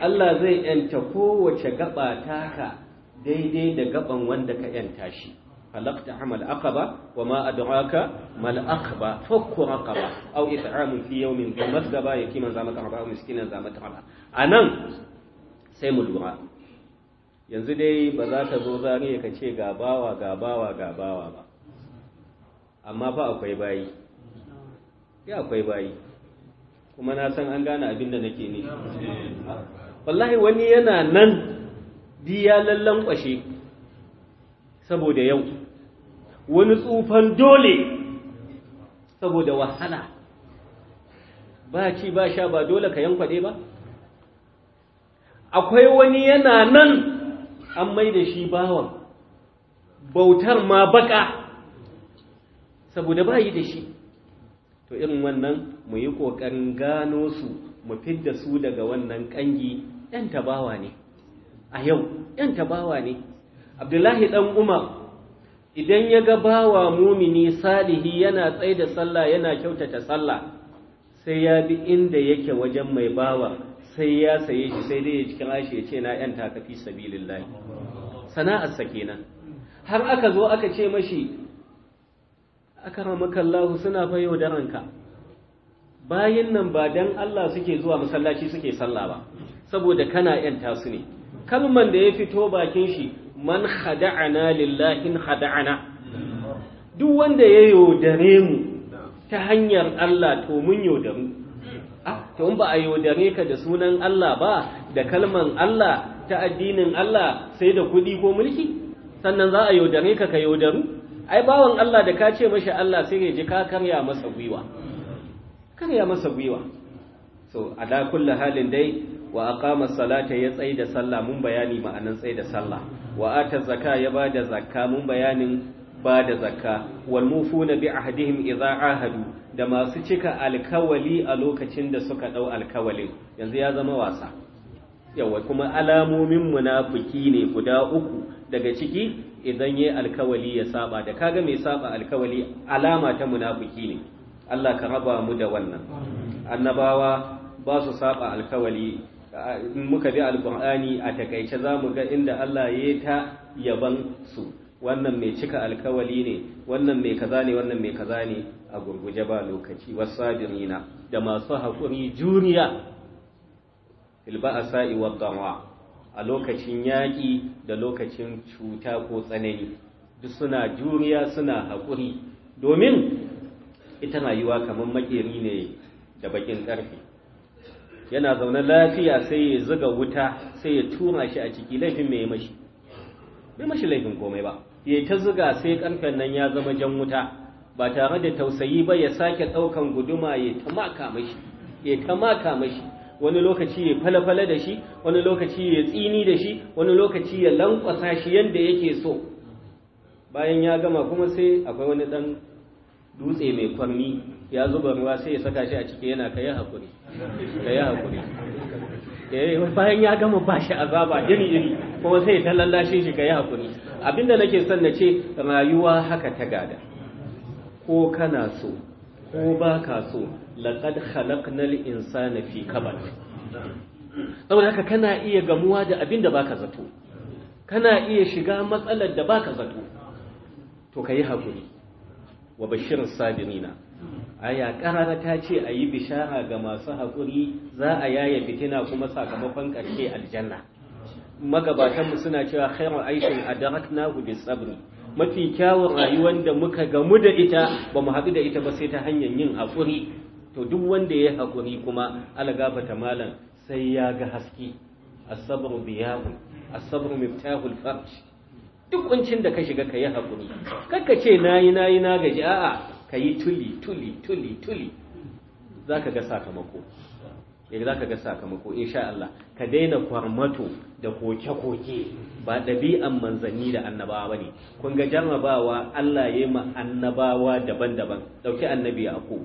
Speaker 1: Allah zai yanta kowace gaɓa taka daidai da gaɓan wanda ka yanta shi خلقت عمل العقبة وما أدراك ما العقبة فك رقبة أو إطعام في يوم ذي مسغبة يكيما زامت عبا أو مسكينا زامت عبا أنا سيم اللغة yanzu dai ba za ta zo zariya ka ce gabawa gabawa gabawa ba amma fa kuma na san an gane abin da nake ne wallahi wani yana nan diya lallan kwashe saboda yau wani tsufan dole saboda wahala ba ci ba sha ba dole ka yankwade ba akwai wani yana nan an mai da shi bawan bautar ma baka saboda ba yi da shi to irin wannan mu yi ƙoƙarin gano su mu fidda su daga wannan ƙangi ‘yan tabawa ne a yau ‘yan tabawa ne abdullahi ɗan umar idan ya ga bawa mumini salihi yana tsaye da sallah yana kyautata sallah sai ya bi inda yake wajen mai bawa sai ya saye shi sai dai ya cikin ashi ya ce na yan takafi sabilillahi sana'arsa kenan har aka zo aka ce mashi aka ramakallahu suna fa yau ranka, bayin nan ba dan Allah suke zuwa masallaci suke sallah ba saboda kana yan tasu ne kalman da ya fito bakin shi man khada'ana lillahin khada'ana duk wanda ya yaudare mu ta hanyar Allah to mun yaudaru ah, to in ba a yaudare ka da sunan Allah ba da kalman Allah ta addinin Allah sai da kuɗi ko mulki sannan za a yaudare ka ka yaudaru ai bawon Allah da ka ce mashi Allah sai ya ji ka karya masa gwiwa karya masa gwiwa so ala kulli halin dai wa aqama salata ya tsai da sallah mun bayani ma'anan tsai da sallah wa ata zakka ya bada zakka mun bayanin ba da zakka wal mufuna bi ahdihim idza ahadu da masu cika alkawali a lokacin da suka dau alkawalin yanzu ya zama wasa yawa kuma alamomin munafiki ne guda uku daga ciki idan yayi alkawali ya saba da kaga mai saba alkawali alama ta munafiki ne Allah ka raba mu da wannan annabawa ba su saba alkawali muka bi alkur'ani a takaice za mu ga inda Allah ya ta yaban su wannan mai cika alkawali ne wannan mai kaza ne wannan mai kaza ne a gurguje ba lokaci wasabirina da masu hakuri juriya fil ba'sa'i a lokacin yaƙi da lokacin cuta ko tsanani duk suna juriya suna hakuri domin ita rayuwa kamar maƙeri ne da baƙin ƙarfi yana zaune lafiya sai ya zuga wuta sai ya tura shi a ciki laifin mai mashi bai mashi laifin komai ba ya ta zuga sai karfen nan ya zama jan wuta ba tare da tausayi ba ya sake ɗaukan guduma ya ta maka mashi ya ta maka mashi wani lokaci ya falafala da shi wani lokaci ya tsini da shi wani lokaci ya lankwasa shi yadda yake so bayan ya gama kuma sai akwai wani ɗan dutse mai kwarni ya zuba ruwa sai ya saka shi a ciki yana kai hakuri ka yi haƙuri eh, bayan ya gama ba shi azaba iri-iri kuma sai ta lallashe shi ka yi haƙuri abinda nake son na ce rayuwa haka ta gada ko kana so ko ba ka so laƙad halaknal insana fi kabar saboda haka kana iya gamuwa da abinda ba ka zato kana iya shiga matsalar da ba ka zato to ka yi haƙuri wa bashirin sabirina aya karara ta ce a yi bishara ga masu haƙuri za a yaya fitina kuma sakamakon ƙarshe aljanna magabatanmu suna cewa khairun aishin a darakna bis tsabri mafi kyawun rayuwar da muka gamu da ita ba mu haɗu da ita ba sai ta hanyar yin haƙuri to duk wanda ya haƙuri kuma algaba ta malam sai ya ga haske Asabar duk kuncin da ka shiga ka yi haƙuri kakka ce nayi nayi na gaji a'a ka yi tuli tuli tuli tuli za ka ga sakamako ya eh, za ka ga sakamako insha Allah ka daina kwarmato da koke-koke ba ɗabi'an manzanni da annabawa ba ne kun ga jarrabawa Allah ya yi ma annabawa daban-daban ɗauki annabi aku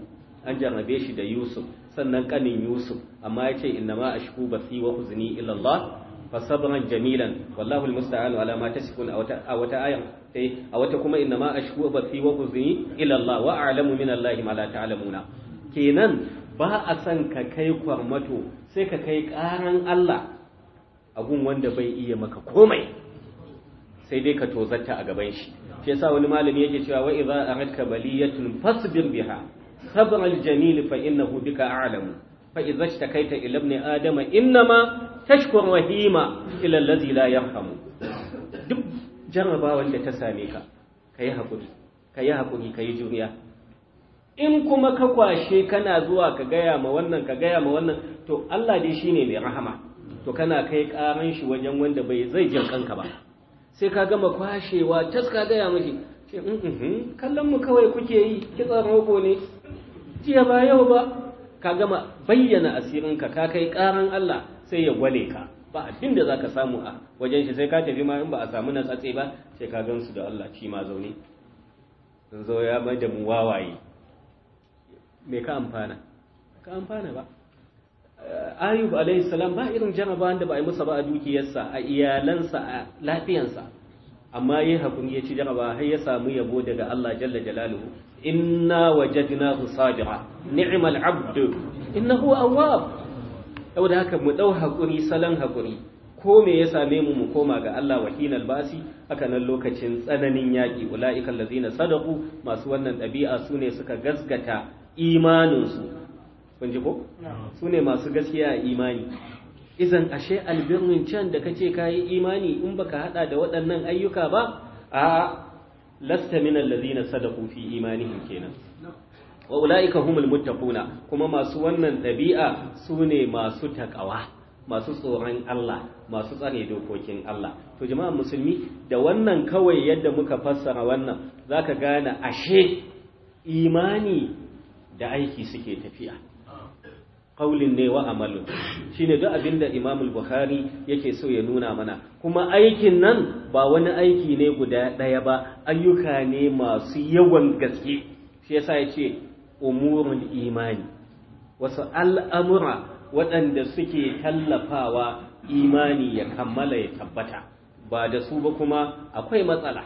Speaker 1: an jarrabe shi da Yusuf sannan ƙanin Yusuf amma ya ce inna ma ba basi wa huzni illallah? fasabran jamilan wallahu almusta'anu ala ma tasifun a wata ayan eh, a wata kuma inna ma ashku ba fi wa huzni ila Allah wa a'lamu min Allah ma la ta'lamuna kenan ba a san ka kai kwarmato sai ka kai karan Allah a wanda bai iya maka komai sai dai ka tozarta a gaban shi shi yasa wani malami yake cewa wa idza aradka baliyatun fasbir biha sabr aljamil fa innahu bika a'lamu fa idza ishtakaita ila ibn adama innama tashkur wahima ila allazi la yarhamu duk jarabawar da ta same ka kayi hakuri kayi hakuri juriya in kuma ka kwashe kana zuwa ka gaya ma wannan ka gaya ma wannan to Allah dai shine mai rahama to kana kai karan shi wajen wanda bai zai jin kanka ba sai ka gama kwashewa tas ka gaya mashi ce kallon mu kawai kuke yi Kitson rogo ne jiya ba yau ba ka gama bayyana asirinka ka kai karan Allah sai ya gwale ka ba abin da zaka samu a wajen shi sai ka tafi ma in ba a samu na tsatse ba sai ka gansu da Allah shi ma zaune sun zo ya mai da mu wawaye me ka amfana ka amfana ba Ayub alayhi salam ba irin jarabawan da ba a yi masa ba a dukiyarsa a iyalansa a lafiyansa amma yayi hakuri ya ci jaraba har ya samu yabo daga Allah jalla jalaluhu inna wajadnahu sabira ni'mal abdu innahu awwab saboda haka mu dau hakuri salan hakuri ko me ya same mu mu koma ga Allah wahinal albasi? haka nan lokacin tsananin yaki ulaiikal ladina sadaqu masu wannan dabi'a sune suka gasgata imanin su kun ji ko sune masu gaskiya a imani izan ashe albirnin can da kace kayi imani in baka hada da waɗannan ayyuka ba a lasta min alladhina sadaqu fi imanihim kenan wa ulaika humul muttaquna kuma masu wannan ɗabi'a sune masu takawa masu tsoron Allah masu tsare dokokin Allah to jama'a musulmi da wannan kawai yadda muka fassara wannan zaka gane ashe imani da aiki suke tafiya qaulin ne wa shi shine duk abinda Imam al-Bukhari yake so ya nuna mana kuma aikin nan ba wani aiki ne guda daya ba ayyuka ne masu yawan gaske shi yasa yace umurul imani wasu al'amura waɗanda suke tallafawa imani ya kammala ya tabbata ba da su ba kuma akwai matsala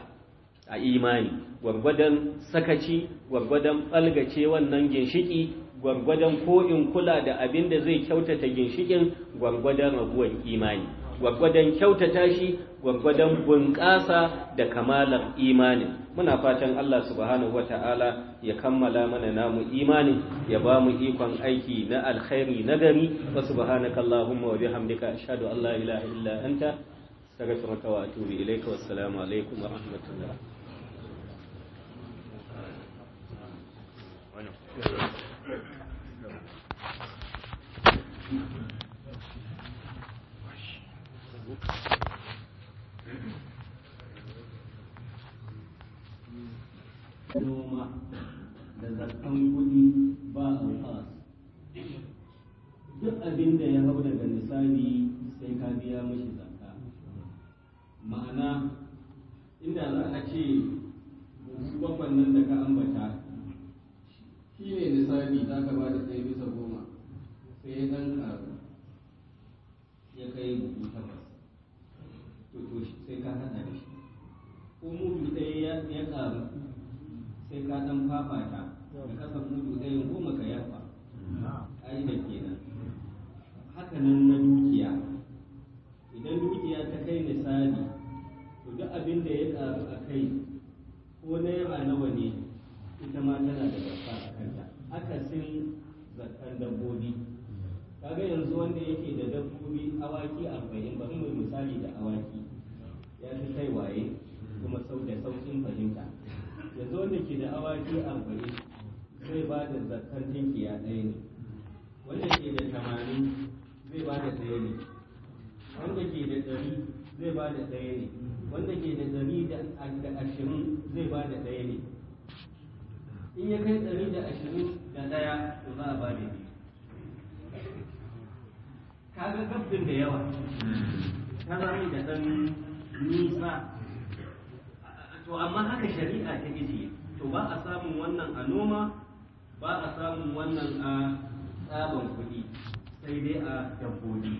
Speaker 1: a imani gwargwadon sakaci gwargwadon ɓalgace wannan ginshiki gwargwadon ko in kula da abin da zai kyautata ginshikin gwargwadon raguwar imani gwargwadon kyautata shi gwargwadon bunƙasa da kamalar imanin muna fatan Allah subhanahu wata'ala ya kammala mana namu imanin ya ba mu ikon aiki na alkhairi na gari wa subhanaka allahumma wa bihamdika ashhadu an la ilaha illa anta astaghfiruka wa atubu ilayka assalamu alaikum wa rahmatullah noma da zakan kudi ba su fas duk abin da ya hau daga nisabi sai ka biya mashi zakka ma'ana inda za a ce su bakwan nan da ka ambata shi ne nisabi za ka ba da ɗaya bisa goma sai nan karu ya kai buhu takwas to to sai ka hada da shi ko mudu ɗaya ya karu sai ka dan fafata da kasa mudu ɗaya goma ka yafa da kenan haka nan na dukiya idan dukiya ta kai misali to duk abin da ya karu a kai ko naira nawa ne ita ma tana da zakka a kanta haka sun zakkan dabbobi kaga yanzu wanda yake da dabbobi awaki arba'in bari mu misali da awaki ya fi kai waye kuma sau da saukin fahimta yanzu wanda ke da awaki arba'in zai ba da zakar dinkiya ɗaya ne wanda ke da tamanin zai ba da ɗaya ne wanda ke da ɗari zai ba da ɗaya ne wanda ke da ɗari da ashirin zai ba da ɗaya ne in ya kai ɗari da ashirin da ɗaya to za a ba da biyu kaga gabdin da yawa ta hmm. zama da ɗan nisa to amma haka shari'a ta ijiye to ba a samun wannan a noma ba a samun wannan a tsaban kuɗi sai dai a dabbobi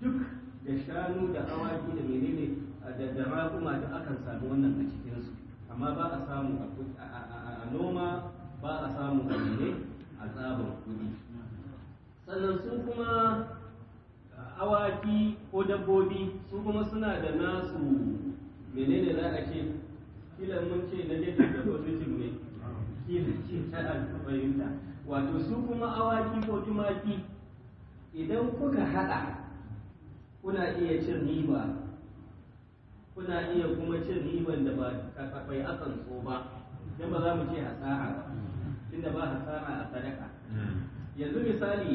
Speaker 1: duk da shanu da awaki da menene da kuma da akan samu wannan a cikinsu amma ba a samu a noma ba a samu a a tsaban kuɗi sannan sun kuma awaki ko dabbobi su kuma suna da nasu menene za a ce kila mun ce na jefi da positive ne kila ce ta alfahimta wato su kuma awaki ko tumaki idan kuka haɗa kuna iya cin riba kuna iya kuma cin riban da ba bai akan so ba dan ba za mu ce hasara ba tunda ba hasara a sadaka hmm. yanzu misali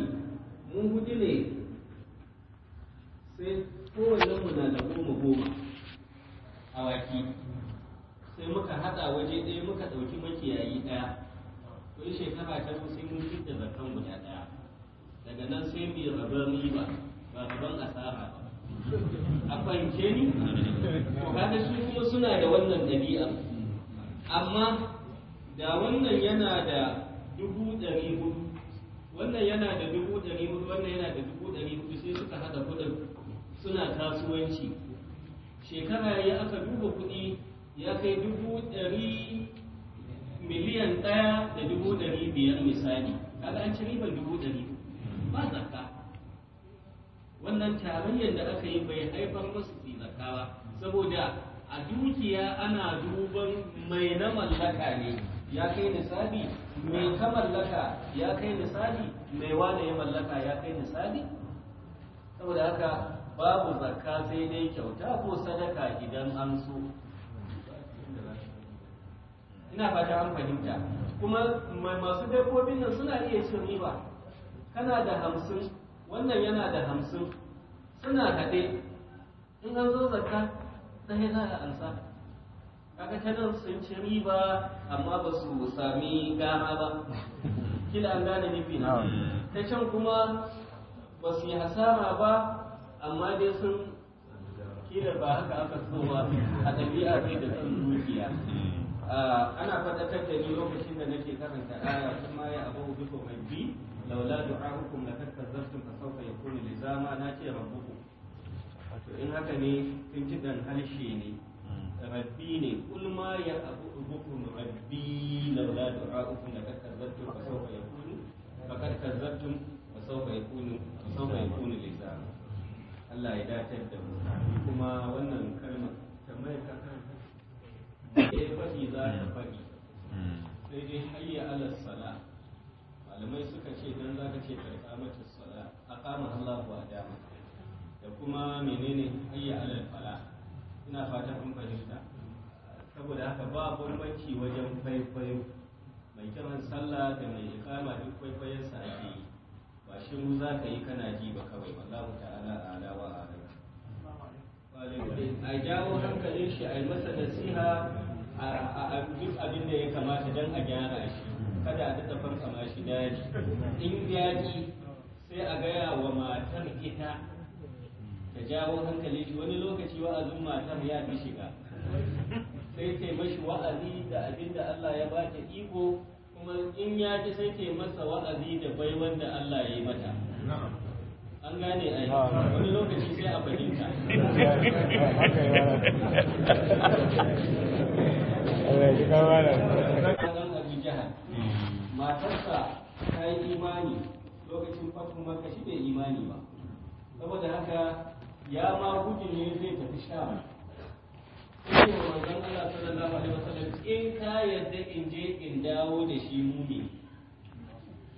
Speaker 1: mun hudu ne sai kowanne mu na da goma goma awaki sai muka haɗa waje ɗaya muka ɗauki makiyayi ɗaya wani shekara ta sai mun fi da zakan guda ɗaya daga nan sai mu yi rabon riba ba rabon asara ba a kwance ni kaga su kuma suna da wannan ɗabi'a amma da wannan yana da dubu ɗari hudu wannan yana da dubu ɗari hudu wannan yana da dubu ɗari hudu sai suka haɗa kuɗin suna kasuwanci shekara ya aka duba kuɗi ya kai dubu ɗari miliyan ɗaya da dubu ɗari biyar misali kaga an ci riban dubu ɗari ba zakka wannan tarayyar da aka yi bai haifar masu su saboda a dukiya ana duban mai na mallaka ne ya kai nisabi mai ka mallaka ya kai nisabi mai wane ya mallaka ya kai nisabi saboda haka babu zakka sai dai kyauta ko sadaka idan an so ina fata an fahimta kuma masu dabbobin nan suna iya cin riba kana da hamsin wannan yana da hamsin suna haɗe in an zo zakka ɗaya za a ansa kaga ta nan sun ci riba amma ba su sami gama ba kila an gane nufi ta can kuma ba su yi hasara ba amma dai sun kila ba haka aka so ba a ɗabi'a sai da sun dukiya ana faɗakar da ni lokacin da nake karanta aya kuma ya abu biko mai bi laula zartun ka sauka ya sawfa da zama na ce rabbukum to in haka ne ci dan harshe ne rabbi ne kul ma ya abu bukum rabbi laula du'a'ukum la kazzabtum ya sawfa yakunu fa kazzabtum Allah ya dace da mu kuma wannan kalma ta ka kan ya eh, faɗi za ta faɗi hmm. sai dai hayya ala sala malamai suka ce dan za ka ce kai kamata sala A kama Allah wa dama da kuma menene hayya ala fala ina fatan an fahimta saboda haka ba bambanci wajen kwaikwayo mai kiran sallah da mai ikama duk kwaikwayon sa ake yi ba shiru za ka yi kana ji ba kawai wallahu ta'ala ala a alawa a jawo hankalin shi a yi masa nasiha a duk abin da ya kamata don a gyara shi kada a daɗa ma shi daji in yaji sai a gaya wa matar ita ta jawo hankali shi wani lokaci wa'azin matar ya fi shiga sai ta mashi wa'azi da abin da Allah ya ba ta iko kuma in ya ji sai ke masa wa'azi da bai wanda Allah ya yi mata an gane ai wani lokaci sai a fahimta matarsa ta yi imani lokacin fatin maka shi bai imani ba saboda haka ya ma gudu ne zai tafi sha in ka yarda in je in dawo da shi mumi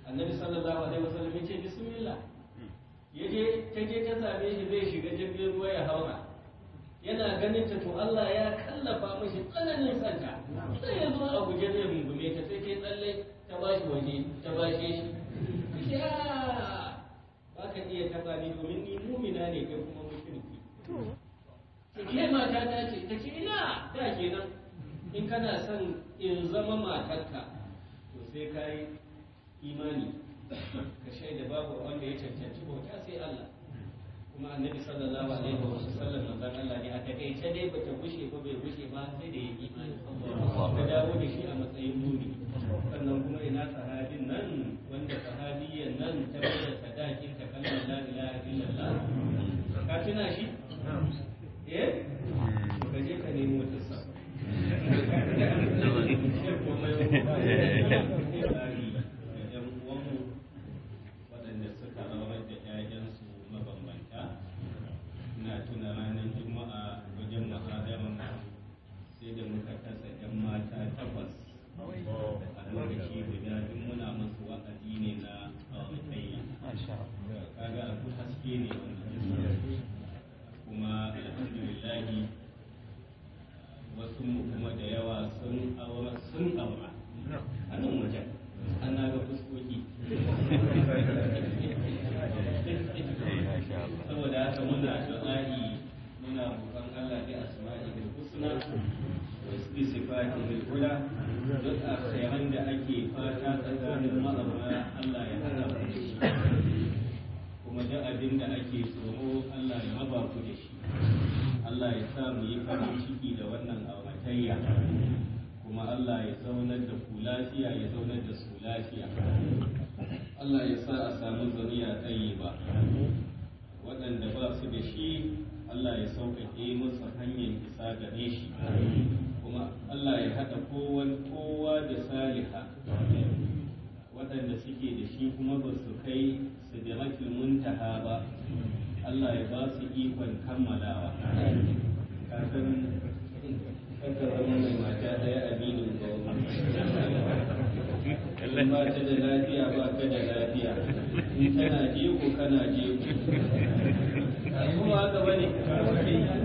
Speaker 1: annabi sallallahu alaihi wasallam ya ce bismillah ya je ta je ta same shi zai shiga jirgin ruwa ya haura yana ganin ta to Allah ya kallafa mashi tsananin santa sai ya zo a guje zai rungume ta sai ta tsalle ta ba shi waje ta bashe shi ya ba ka iya taba ni domin ni mumina ne kai kuma mushriki ta ke mata ta ce ta ce ina da nan? in kana son in zama matarka to sai ka yi imani ka shaida babu wanda ya cancanci bauta sai Allah kuma annabi sallallahu alaihi wa sallam manzon Allah ne a takaice dai bata gushe ba bai gushe ba sai da ya yi imani ka dawo da shi a matsayin mumi sannan kuma ina sahabin nan wanda sahabiyan nan ta bada sadakin ta kalmar la ilaha illallah ka tuna shi eh hmm. ka je ka gargaɗe shi kuma Allah ya haɗa kowan kowa da saliha waɗanda suke da shi kuma ba su kai su da mafi muntaha ba Allah ya ba su ikon kammalawa kafin kaka zama mai mata ɗaya aminin gauma in ba ta da lafiya ba ka da lafiya in tana jego kana jego ba haka bane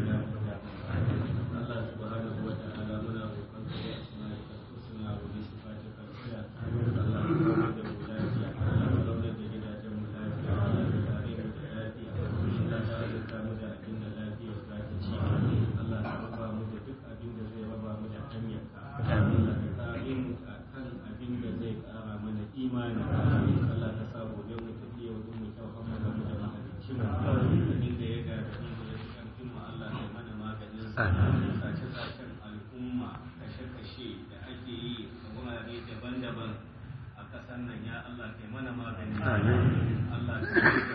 Speaker 1: sashen-sashen al'umma kashe-kashe da ake yi a wurare daban-daban a ƙasar nan ya Allah ke mana magani Allah kai